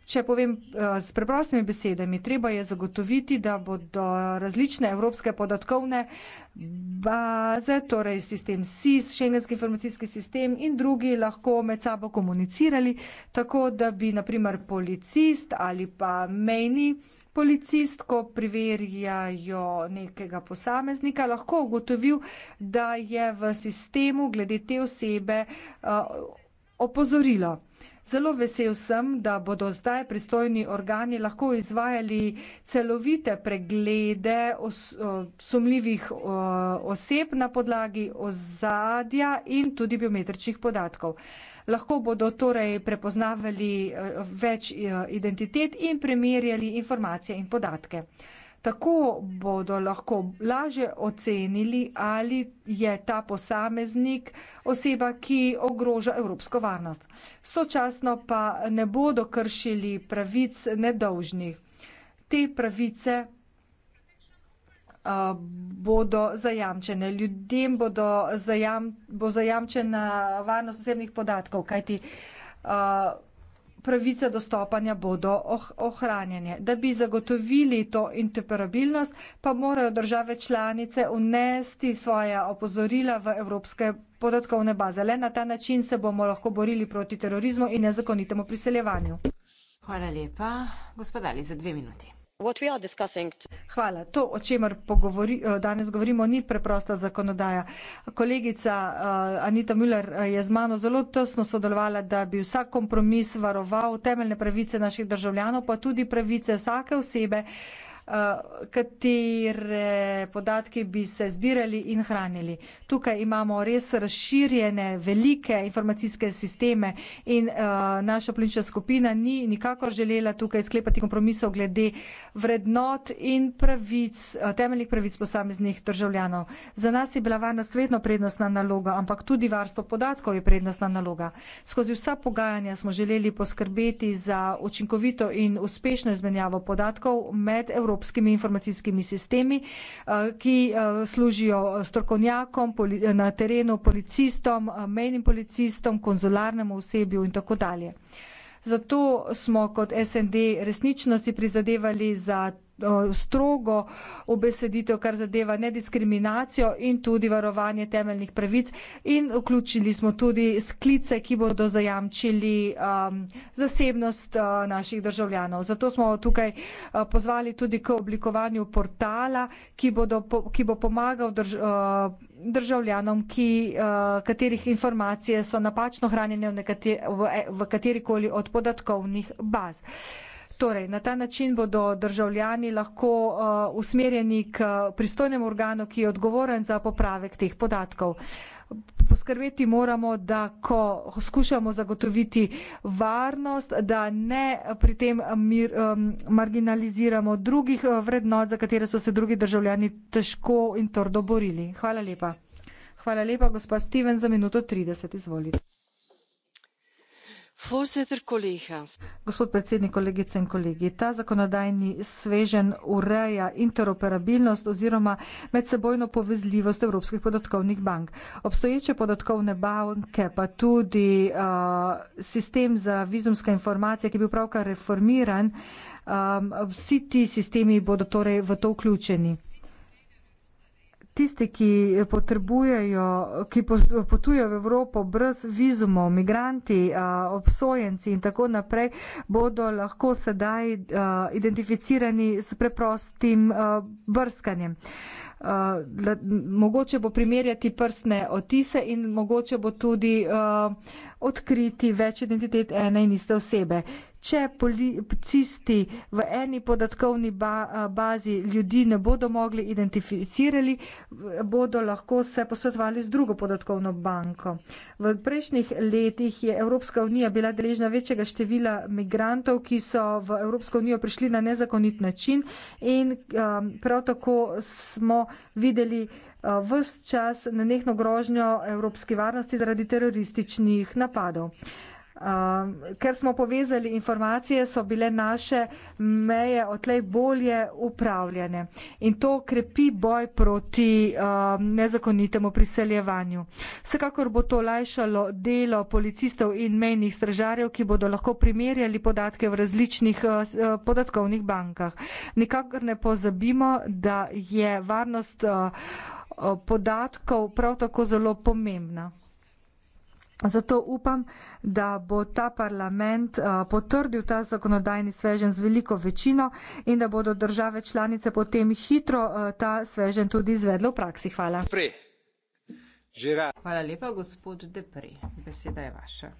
Če povem eh, s preprostimi besedami, treba je zagotoviti, da bodo različne evropske podatkovne baze, torej sistem SIS, šengenski informacijski sistem in drugi lahko med sabo komunicirali, tako da bi naprimer policist ali pa mejni policistko, priverjajo nekega posameznika, lahko ugotovil, da je v sistemu glede te osebe opozorilo. Zelo vesel sem, da bodo zdaj pristojni organi lahko izvajali celovite preglede os, sumljivih oseb na podlagi ozadja in tudi biometričnih podatkov lahko bodo torej prepoznavali eh, več eh, identitet in primerjali informacije in podatke. Tako bodo lahko lažje ocenili, ali je ta posameznik oseba, ki ogroža evropsko varnost. Sočasno pa ne bodo kršili pravic nedolžnih. Te pravice Eh, bodo zajamčene. Ljudem bodo zajam, bo zajamčena varnost osebnih podatkov, kajti eh, pravice dostopanja bodo oh, ohranjene. Da bi zagotovili to interoperabilnost, pa morajo države članice unesti svoja opozorila v evropske podatkovne baze. Le na ta način se bomo lahko borili proti terorizmu in nezakonitemu priseljevanju. Hvala lepa. Gospodali za dve minuti hvala to o čemer eh, danes govorimo ni preprosta zakonodaja kolegica eh, anita müller eh, je z mano zelo tesno sodelovala da bi vsak kompromis varoval temeljne pravice naših državljanov pa tudi pravice vsake osebe Eh, katere podatke bi se zbirali in hranili. Tukaj imamo res razširjene, velike informacijske sisteme in eh, naša politična skupina ni nikakor želela tukaj sklepati kompromisov glede vrednot in pravic, eh, temeljnih pravic posameznih državljanov. Za nas je bila varnost vedno prednostna naloga, ampak tudi varstvo podatkov je prednostna naloga. Skozi vsa pogajanja smo želeli poskrbeti za učinkovito in uspešno izmenjavo podatkov med Evropo evropskimi informacijskimi sistemi, eh, ki eh, služijo strokovnjakom na terenu, policistom, eh, mejnim policistom, konzularnemu osebju in tako dalje. Zato smo kot SND resnično si prizadevali za Eh, strogo obeseditev, kar zadeva nediskriminacijo in tudi varovanje temeljnih pravic. In vključili smo tudi sklice, ki bodo zajamčili um, zasebnost uh, naših državljanov. Zato smo tukaj uh, pozvali tudi k oblikovanju portala, ki, bodo, po, ki bo pomagal drž, uh, državljanom, ki, uh, katerih informacije so napačno hranjene v, nekate, v, v katerikoli od podatkovnih baz. Torej, na ta način bodo državljani lahko uh, usmerjeni k pristojnemu organu, ki je odgovoren za popravek teh podatkov. Poskrbeti moramo, da ko skušamo zagotoviti varnost, da ne pri tem mir, um, marginaliziramo drugih uh, vrednot, za katere so se drugi državljani težko in trdo borili. Hvala lepa. Hvala lepa, gospod Steven, za minuto 30. Izvolite gospod predsednik kolegice in kolegi ta zakonodajni sveženj ureja interoperabilnost oziroma medsebojno povezljivost evropskih podatkovnih bank obstoječe podatkovne banke pa tudi uh, sistem za vizumske informacije ki je bil pravkar reformiran um, vsi ti sistemi bodo torej v to vključeni tisti, ki potrebujejo, ki potujejo v Evropo brez vizumov, migranti, obsojenci in tako naprej, bodo lahko sedaj identificirani s preprostim brskanjem. Mogoče bo primerjati prstne otise in mogoče bo tudi odkriti več identitet ene in iste osebe. Če policisti v eni podatkovni bazi ljudi ne bodo mogli identificirati, bodo lahko se posvetovali z drugo podatkovno banko. V prejšnjih letih je Evropska unija bila deležna večjega števila migrantov, ki so v Evropsko unijo prišli na nezakonit način in prav tako smo videli vse čas nenehno grožnjo evropske varnosti zaradi terorističnih napadov. Um, ker smo povezali informacije, so bile naše meje odlej bolje upravljene in to krepi boj proti um, nezakonitemu priseljevanju. Vsekakor bo to lajšalo delo policistov in mejnih stražarjev, ki bodo lahko primerjali podatke v različnih uh, podatkovnih bankah. Nikakor ne pozabimo, da je varnost uh, podatkov prav tako zelo pomembna. Zato upam, da bo ta parlament eh, potrdil ta zakonodajni svežen z veliko večino in da bodo države članice potem hitro eh, ta svežen tudi izvedle v praksi. Hvala. Hvala lepa, gospod Depri. Beseda je vaša.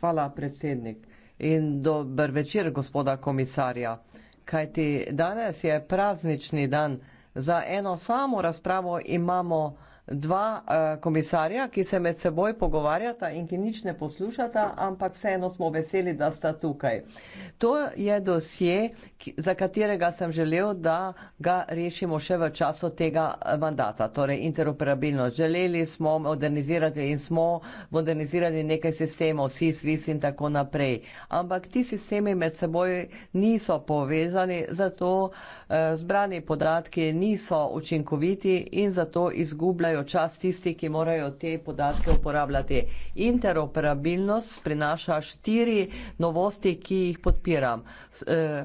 Hvala, predsednik. In dober večer, gospoda komisarja. Kajti danes je praznični dan. Za eno samo razpravo imamo dva eh, komisarja, ki se med seboj pogovarjata in ki nič ne poslušata, ampak vseeno smo veseli, da sta tukaj. To je dosje, za katerega sem želel, da ga rešimo še v času tega eh, mandata, torej interoperabilnost. Želeli smo modernizirati in smo modernizirali nekaj sistemov, SIS, VIS in tako naprej. Ampak ti sistemi med seboj niso povezani, zato eh, zbrani podatki niso učinkoviti in zato izgubljajo imajo čas tisti, ki morajo te podatke uporabljati. Interoperabilnost prinaša štiri novosti, ki jih podpiram. Eh,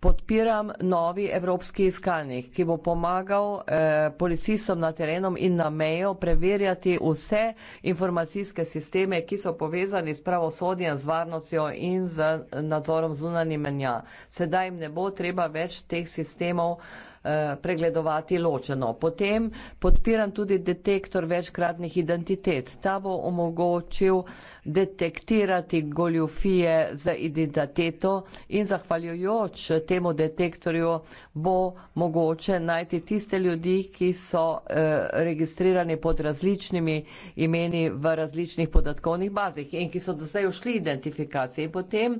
podpiram novi evropski iskalnik, ki bo pomagal eh, policistom na terenu in na mejo preverjati vse informacijske sisteme, ki so povezani s pravosodjem, z varnostjo in z nadzorom zunanje menja. Sedaj jim ne bo treba več teh sistemov eh, Eh, pregledovati ločeno. Potem podpiram tudi detektor večkratnih identitet. Ta bo omogočil detektirati goljofije za identiteto in zahvaljujoč temu detektorju bo mogoče najti tiste ljudi, ki so eh, registrirani pod različnimi imeni v različnih podatkovnih bazih in ki so do zdaj ušli identifikacije. Potem eh,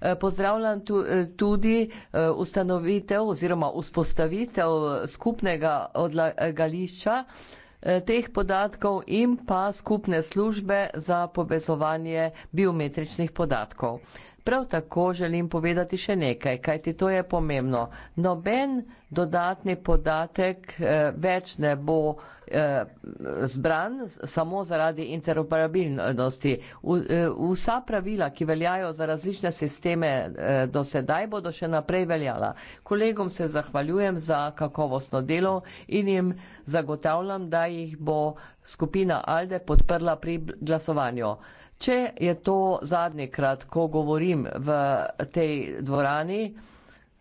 Eh, pozdravljam tu, eh, tudi eh, ustanovitev oziroma vzpostavitev skupnega odlagališča teh podatkov in pa skupne službe za povezovanje biometričnih podatkov. Prav tako želim povedati še nekaj, kajti to je pomembno. Noben dodatni podatek več ne bo Eh, zbran samo zaradi interoperabilnosti. Eh, vsa pravila, ki veljajo za različne sisteme eh, do sedaj, bodo še naprej veljala. Kolegom se zahvaljujem za kakovostno delo in jim zagotavljam, da jih bo skupina Alde podprla pri glasovanju. Če je to zadnjikrat, ko govorim v tej dvorani,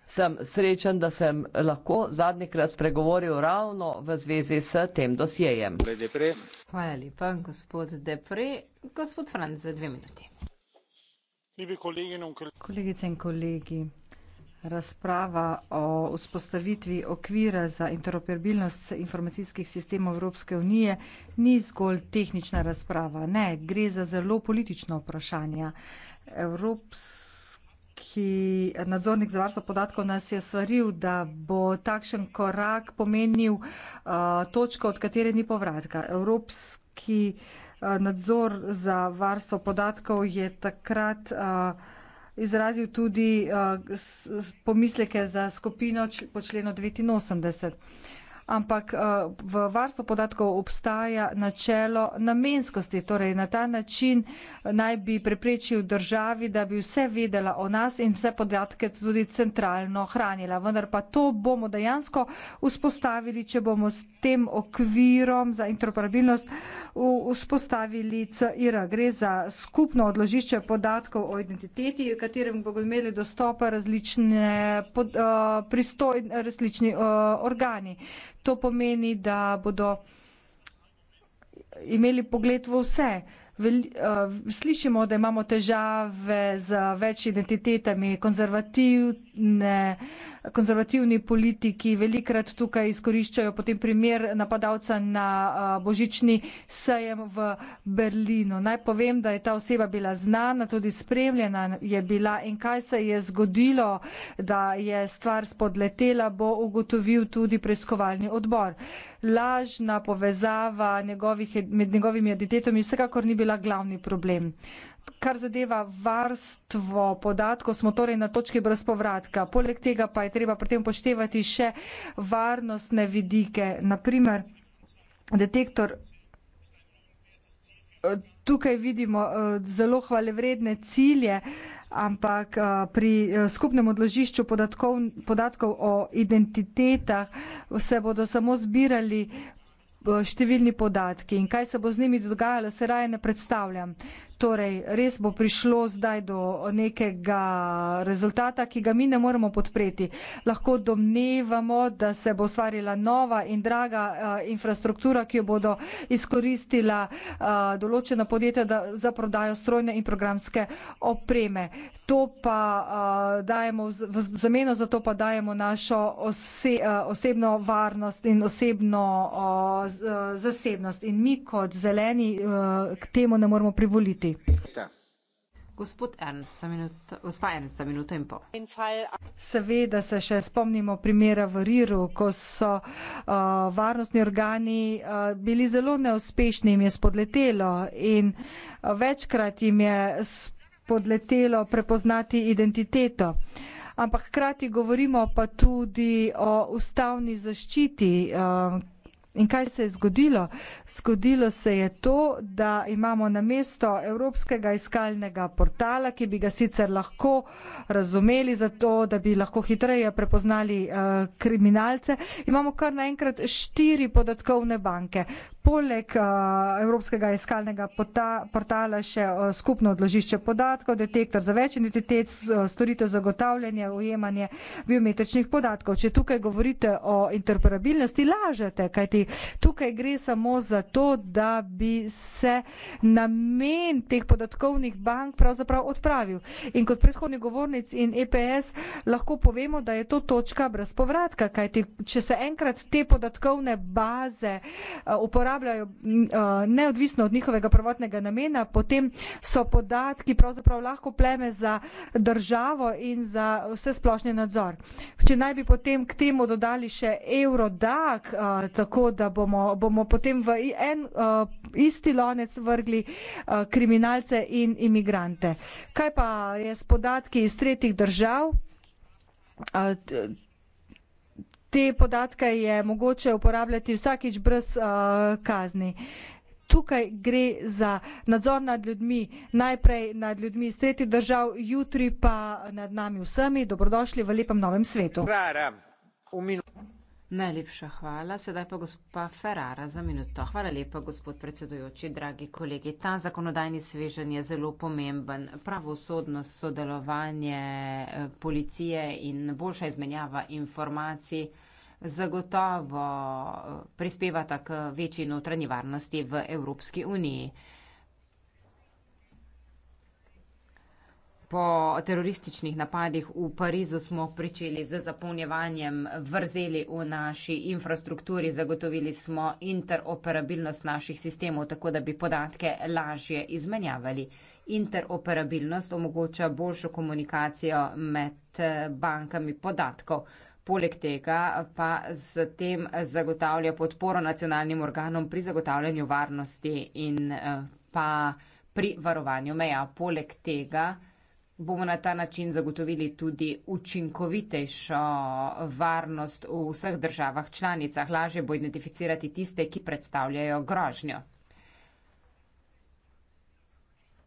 sem srečen, da sem lahko zadnjikrat spregovoril ravno v zvezi s tem dosjejem. Hvala lepa, gospod Depre. Gospod Franc, za dve minuti. Kolegice in kolegi, razprava o vzpostavitvi okvira za interoperabilnost informacijskih sistemov Evropske unije ni zgolj tehnična razprava. Ne, gre za zelo politično vprašanje. Evropska ki nadzornik za varstvo podatkov nas je svaril, da bo takšen korak pomenil uh, točko, od katere ni povratka. Evropski uh, nadzor za varstvo podatkov je takrat uh, izrazil tudi uh, s, s, pomisleke za skupino čl po členu 89 ampak eh, v varstvu podatkov obstaja načelo namenskosti, torej na ta način eh, naj bi preprečil državi, da bi vse vedela o nas in vse podatke tudi centralno hranila. Vendar pa to bomo dejansko vzpostavili, če bomo s tem okvirom za interoperabilnost vzpostavili CIR. Gre za skupno odložišče podatkov o identiteti, v katerem bomo imeli dostopa različne eh, pristojne, različni organi. To pomeni, da bodo imeli pogled v vse, veli, uh, slišimo, da imamo težave z več identitetami, konzervativne, konzervativni politiki velikrat tukaj izkoriščajo potem primer napadalca na uh, božični sejem v Berlinu. Naj povem, da je ta oseba bila znana, tudi spremljena je bila in kaj se je zgodilo, da je stvar spodletela, bo ugotovil tudi preiskovalni odbor. Lažna povezava njegovih, med njegovimi identitetami vsekakor ni bila bila glavni problem. Kar zadeva varstvo podatkov, smo torej na točki brez povratka. Poleg tega pa je treba pri tem poštevati še varnostne vidike. Naprimer, detektor. Eh, tukaj vidimo eh, zelo hvalevredne cilje, ampak eh, pri skupnem odložišču podatkov, podatkov o identitetah se bodo samo zbirali Eh, številni podatki in kaj se bo z njimi dogajalo, se raje ne predstavljam. Torej, res bo prišlo zdaj do nekega rezultata, ki ga mi ne moremo podpreti. Lahko domnevamo, da se bo ustvarila nova in draga infrastruktura, ki jo bodo izkoristila določena podjetja za prodajo strojne in programske opreme. To pa dajemo, v zameno za to pa dajemo našo osebno varnost in osebno zasebnost. In mi kot zeleni k temu ne moremo privoliti minuti. Ja. Gospod Ernst, minuto in pol. Seveda se še spomnimo primera v Riru, ko so uh, varnostni organi uh, bili zelo neuspešni, jim je spodletelo in uh, večkrat jim je spodletelo prepoznati identiteto. Ampak hkrati govorimo pa tudi o ustavni zaščiti. Uh, In kaj se je zgodilo? Zgodilo se je to, da imamo na mesto Evropskega iskalnega portala, ki bi ga sicer lahko razumeli za to, da bi lahko hitreje prepoznali uh, kriminalce, imamo kar naenkrat štiri podatkovne banke poleg eh, Evropskega iskalnega portala še eh, skupno odložišče podatkov, detektor za več identitet, eh, storitev zagotavljanje, ujemanje biometričnih podatkov. Če tukaj govorite o interoperabilnosti, lažete, kajti tukaj gre samo za to, da bi se namen teh podatkovnih bank pravzaprav odpravil. In kot predhodni govornic in EPS lahko povemo, da je to točka brez povratka, kajti če se enkrat te podatkovne baze uporabljajo, uporabljajo mm, eh, neodvisno od njihovega prvotnega namena, potem so podatki pravzaprav lahko pleme za državo in za vse splošni nadzor. Če naj bi potem k temu dodali še Eurodag, eh, tako da bomo, bomo potem v en eh, isti lonec vrgli kriminalce in imigrante. Kaj pa je s podatki iz tretjih držav? te podatke je mogoče uporabljati vsakič brez eh, kazni. Tukaj gre za nadzor nad ljudmi, najprej nad ljudmi iz tretjih držav, jutri pa nad nami vsemi. Dobrodošli v lepem novem svetu. Najlepša hvala. Sedaj pa gospa Ferrara za minuto. Hvala lepa, gospod predsedujoči, dragi kolegi. Ta zakonodajni svežen je zelo pomemben. Pravosodno sodelovanje eh, policije in boljša izmenjava informacij zagotovo eh, prispevata k večji notranji varnosti v Evropski uniji. Po terorističnih napadih v Parizu smo pričeli z zapolnjevanjem vrzeli v naši infrastrukturi, zagotovili smo interoperabilnost naših sistemov, tako da bi podatke lažje izmenjavali. Interoperabilnost omogoča boljšo komunikacijo med bankami podatkov. Poleg tega pa s tem zagotavlja podporo nacionalnim organom pri zagotavljanju varnosti in eh, pa pri varovanju meja. Poleg tega bomo na ta način zagotovili tudi učinkovitejšo varnost v vseh državah članicah. Lažje bo identificirati tiste, ki predstavljajo grožnjo.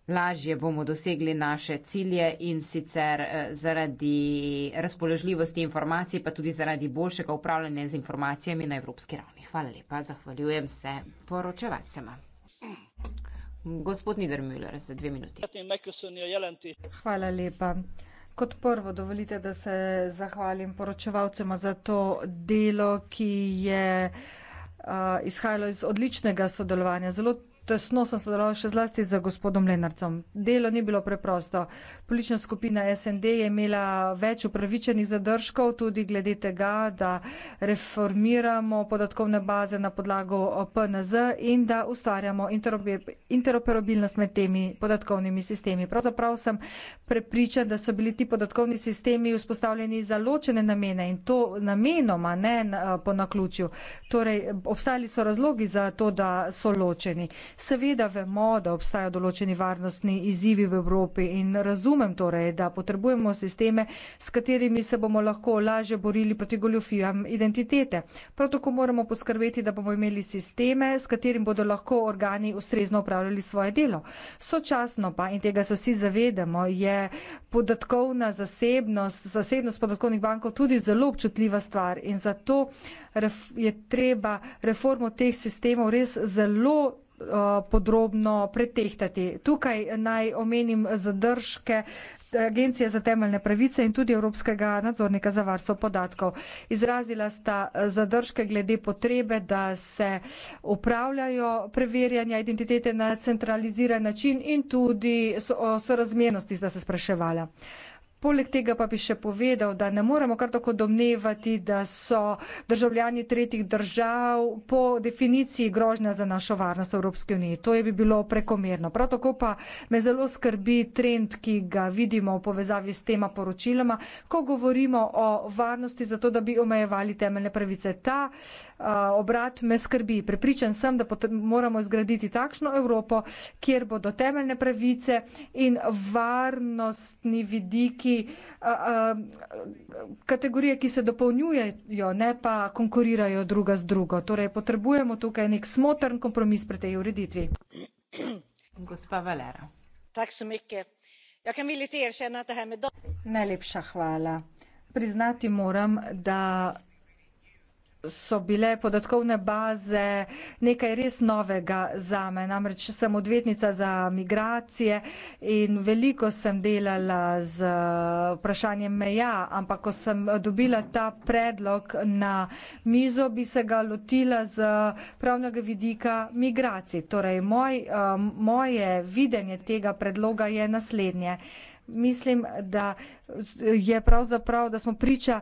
Lažje bomo dosegli naše cilje in sicer eh, zaradi razpoložljivosti informacij, pa tudi zaradi boljšega upravljanja z informacijami na evropski ravni. Hvala lepa, zahvaljujem se poročevalcema. Hvala lepa. Kot prvo dovolite, da se zahvalim poročevalcema za to delo, ki je, izhajalo iz odličnega sodelovanja, zelo tesno sem sodeloval še zlasti z gospodom Lenarcem. Delo ni bilo preprosto. Politična skupina SND je imela več upravičenih zadržkov, tudi glede tega, da reformiramo podatkovne baze na podlago PNZ in da ustvarjamo interoperabilnost med temi podatkovnimi sistemi. Pravzaprav sem prepričan, da so bili ti podatkovni sistemi vzpostavljeni za ločene namene in to namenoma, ne po naključju. Torej, obstajali so razlogi za to, da so ločeni. Seveda vemo, da obstajajo določeni varnostni izzivi v Evropi in razumem torej, da potrebujemo sisteme, s katerimi se bomo lahko lažje borili proti goljofijam identitete. Prav tako moramo poskrbeti, da bomo imeli sisteme, s katerim bodo lahko organi ustrezno upravljali svoje delo. Sočasno pa, in tega se vsi zavedamo, je podatkovna zasebnost, zasebnost podatkovnih bankov tudi zelo občutljiva stvar in zato je treba reformo teh sistemov res zelo Eh, podrobno pretehtati. Tukaj naj omenim zadržke eh, Agencije za temeljne pravice in tudi Evropskega nadzornika za varstvo podatkov. Izrazila sta eh, zadržke glede potrebe, da se upravljajo preverjanja identitete na centraliziran način in tudi so, so razmernosti, da se spraševala. Uh, Poleg tega pa bi še povedal, da ne moremo kar tako domnevati, da so državljani tretjih držav po definiciji grožnja za našo varnost v Evropski uniji. To je bi bilo prekomerno. Prav tako pa me zelo skrbi trend, ki ga vidimo v povezavi s tema poročiloma, ko govorimo o varnosti, zato da bi omejevali temeljne pravice. Ta uh, Eh, obrat me skrbi. Prepričan sem, da moramo zgraditi takšno Evropo, kjer bodo temeljne pravice in varnostni vidiki eh, eh, kategorije, ki se dopolnjujejo, ne pa konkurirajo druga z drugo. Torej potrebujemo tukaj nek smotrn kompromis pri tej ureditvi. Gospa Valera. Ja, Najlepša hvala. Priznati moram, da so bile podatkovne baze nekaj res novega za me. Namreč sem odvetnica za migracije in veliko sem delala z eh, vprašanjem meja, ampak ko sem eh, dobila ta predlog na mizo, bi se ga lotila z pravnega vidika migracij. Torej, moj, eh, moje videnje tega predloga je naslednje. Mislim, da je pravzaprav, da smo priča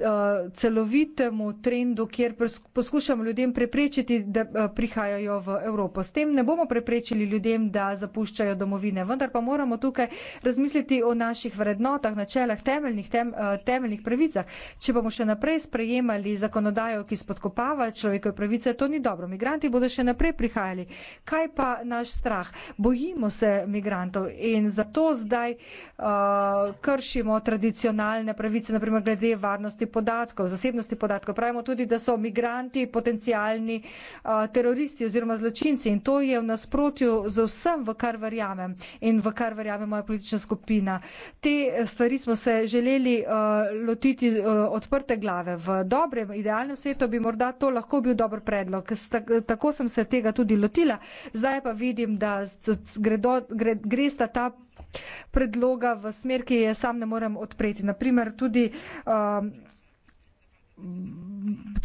Eh, celovitemu trendu, kjer poskušamo ljudem preprečiti, da eh, prihajajo v Evropo. S tem ne bomo preprečili ljudem, da zapuščajo domovine, vendar pa moramo tukaj razmisliti o naših vrednotah, načelah, temeljnih, tem, eh, temeljnih pravicah. Če bomo še naprej sprejemali zakonodajo, ki spodkopava človekove pravice, to ni dobro. Migranti bodo še naprej prihajali. Kaj pa naš strah? Bojimo se migrantov in zato zdaj uh, kršimo tradicionalne pravice, naprimer glede varnosti varnosti podatkov, zasebnosti podatkov. Pravimo tudi, da so migranti potencijalni teroristi oziroma zločinci in to je v nasprotju z vsem, v kar verjamem in v kar verjame moja politična skupina. Te e, stvari smo se želeli lotiti e, odprte glave. V dobrem, idealnem svetu bi morda to lahko bil dober predlog. Tako sem se tega tudi lotila. Zdaj pa vidim, da gredo, gre, gre sta ta predloga v smer, ki je sam ne morem odpreti. Naprimer, tudi um,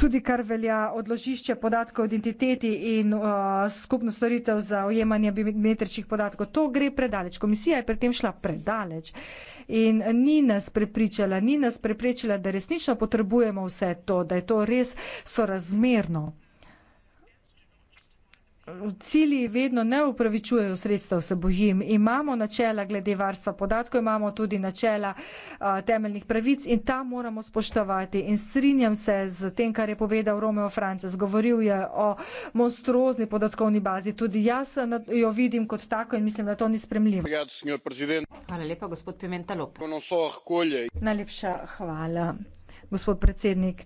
tudi kar velja odložišče podatkov o identiteti in uh, skupno storitev za ujemanje biometričnih podatkov. To gre predaleč. Komisija je pri tem šla predaleč in ni nas prepričala, ni nas preprečila, da resnično potrebujemo vse to, da je to res sorazmerno cilji vedno ne upravičujejo sredstev, se bojim. Imamo načela glede varstva podatkov, imamo tudi načela a, temeljnih pravic in ta moramo spoštovati. In strinjam se z tem, kar je povedal Romeo Frances. Govoril je o monstruozni podatkovni bazi. Tudi jaz jo vidim kot tako in mislim, da to ni spremljivo. Hvala lepa, gospod Pimentalop. Najlepša hvala, gospod predsednik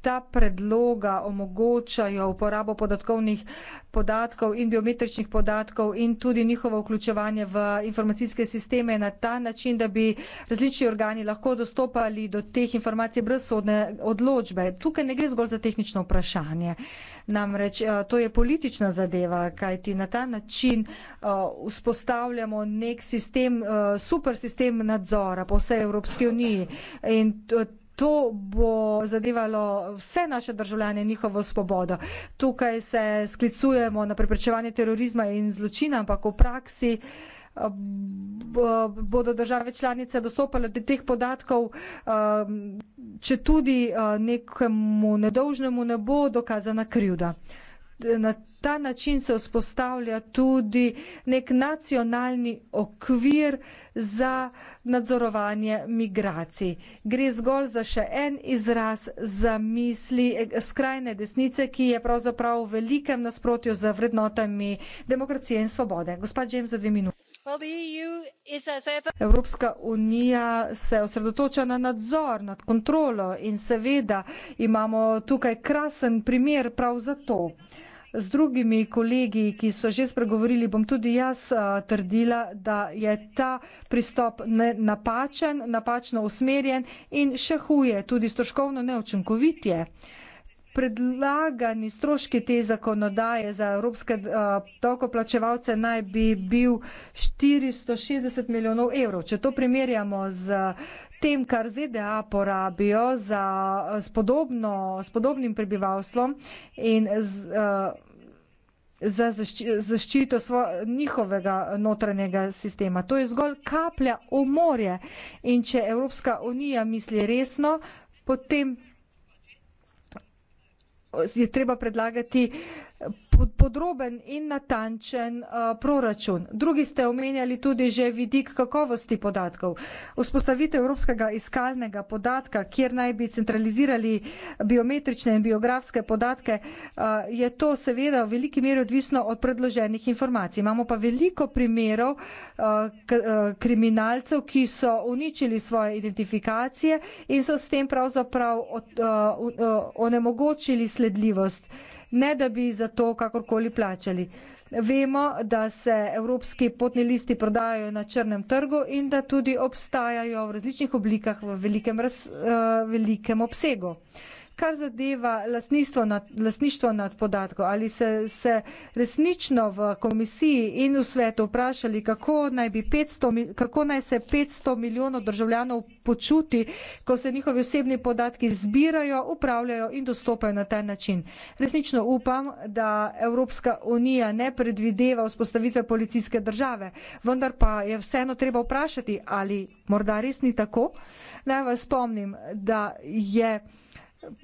ta predloga omogočajo uporabo podatkovnih podatkov in biometričnih podatkov in tudi njihovo vključevanje v informacijske sisteme na ta način, da bi različni organi lahko dostopali do teh informacij brez sodne odločbe. Tukaj ne gre zgolj za tehnično vprašanje, namreč eh, to je politična zadeva, kajti na ta način eh, vzpostavljamo nek sistem, eh, super sistem nadzora po vsej Evropski uniji in to bo zadevalo vse naše državljane in njihovo svobodo. Tukaj se sklicujemo na preprečevanje terorizma in zločina, ampak v praksi eh, bodo države članice dostopale do teh podatkov, eh, če tudi eh, nekemu nedolžnemu ne bo dokazana krivda. Na ta način se vzpostavlja tudi nek nacionalni okvir za nadzorovanje migracij. Gre zgolj za še en izraz za misli eh, skrajne desnice, ki je pravzaprav v velikem nasprotju z vrednotami demokracije in svobode. Gospa James, za dve minuti. E Evropska unija se osredotoča na nadzor, nad kontrolo in seveda imamo tukaj krasen primer prav za to z drugimi kolegi, ki so že spregovorili, bom tudi jaz uh, trdila, da je ta pristop ne, napačen, napačno usmerjen in še huje, tudi stroškovno neočinkovit je. Uh, Predlagani stroški te zakonodaje za evropske eh, davkoplačevalce naj bi bil 460 milijonov evrov. Če to primerjamo z tem, kar ZDA porabijo za, eh, s, podobno, s podobnim prebivalstvom in z, uh, za zašči, zaščito svo, njihovega notranjega sistema. To je zgolj kaplja v morje in če Evropska unija misli resno, potem je treba predlagati podroben in natančen eh, proračun. Drugi ste omenjali tudi že vidik kakovosti podatkov. Vzpostavitev evropskega iskalnega podatka, kjer naj bi centralizirali biometrične in biografske podatke, eh, je to seveda v veliki meri odvisno od predloženih informacij. Imamo pa veliko primerov eh, kriminalcev, ki so uničili svoje identifikacije in so s tem pravzaprav onemogočili sledljivost ne da bi za to kakorkoli plačali. Vemo, da se evropski potni listi prodajajo na črnem trgu in da tudi obstajajo v različnih oblikah v velikem, raz, eh, velikem obsegu kar zadeva lasništvo nad, lasništvo nad podatkom, ali se, se resnično v komisiji in v svetu vprašali, kako naj, 500, kako naj se 500 milijonov državljanov počuti, ko se njihovi osebni podatki zbirajo, upravljajo in dostopajo na ta način. Resnično upam, da Evropska unija ne predvideva vzpostavitve policijske države, vendar pa je vseeno treba vprašati, ali morda res ni tako. Naj vas spomnim, da je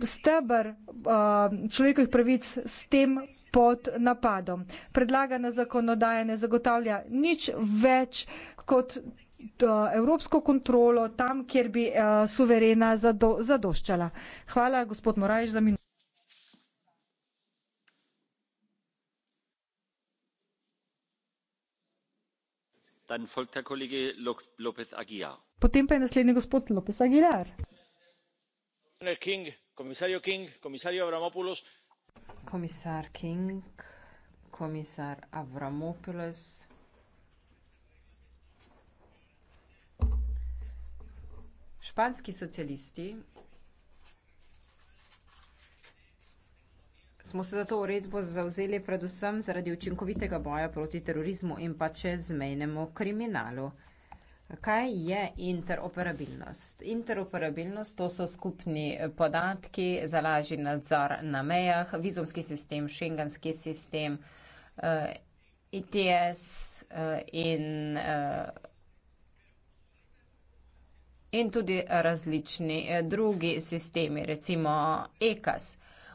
stebr uh, človekovih pravic s tem pod napadom. Predlagana zakonodaja ne zagotavlja nič več kot uh, evropsko kontrolo tam, kjer bi uh, suverena zado, zadoščala. Hvala, gospod Morajš, za minuto. Dan folgta kolege López Aguilar. Potem pa je naslednji gospod López Aguilar komisarju king komisarju avramopoulos komisar king komisar avramopoulos španski socialisti smo se za to uredbo zavzeli predvsem zaradi učinkovitega boja proti terorizmu in pa čezmejnemu kriminalu. Kaj je interoperabilnost? Interoperabilnost to so skupni podatki za lažji nadzor na mejah, vizumski sistem, šengenski sistem, uh, eh, ITS uh, eh, in, uh, in tudi različni uh, drugi sistemi, recimo ECAS.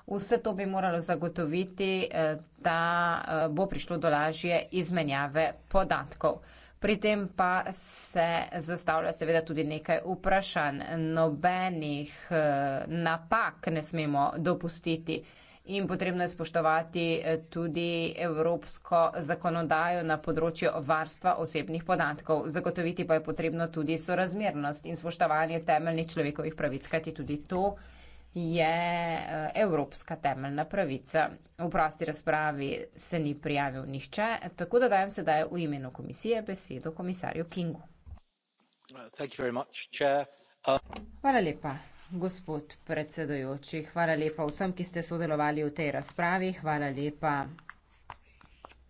Vse to bi moralo zagotoviti, uh, da uh, bo prišlo do lažje izmenjave podatkov. Uh, Pri tem pa se zastavlja seveda tudi nekaj vprašanj. Nobenih eh, napak ne smemo dopustiti. In potrebno je spoštovati eh, tudi evropsko zakonodajo na področju varstva osebnih podatkov. Zagotoviti pa je potrebno tudi sorazmernost in spoštovanje temeljnih človekovih pravic, kajti tudi to je eh, evropska temeljna pravica. V prosti razpravi se ni prijavil nihče, tako da dajem sedaj v imenu komisije besedo komisarju Kingu. Uh, Hvala lepa, gospod predsedujoči. Hvala lepa vsem, ki ste sodelovali v tej razpravi. Hvala lepa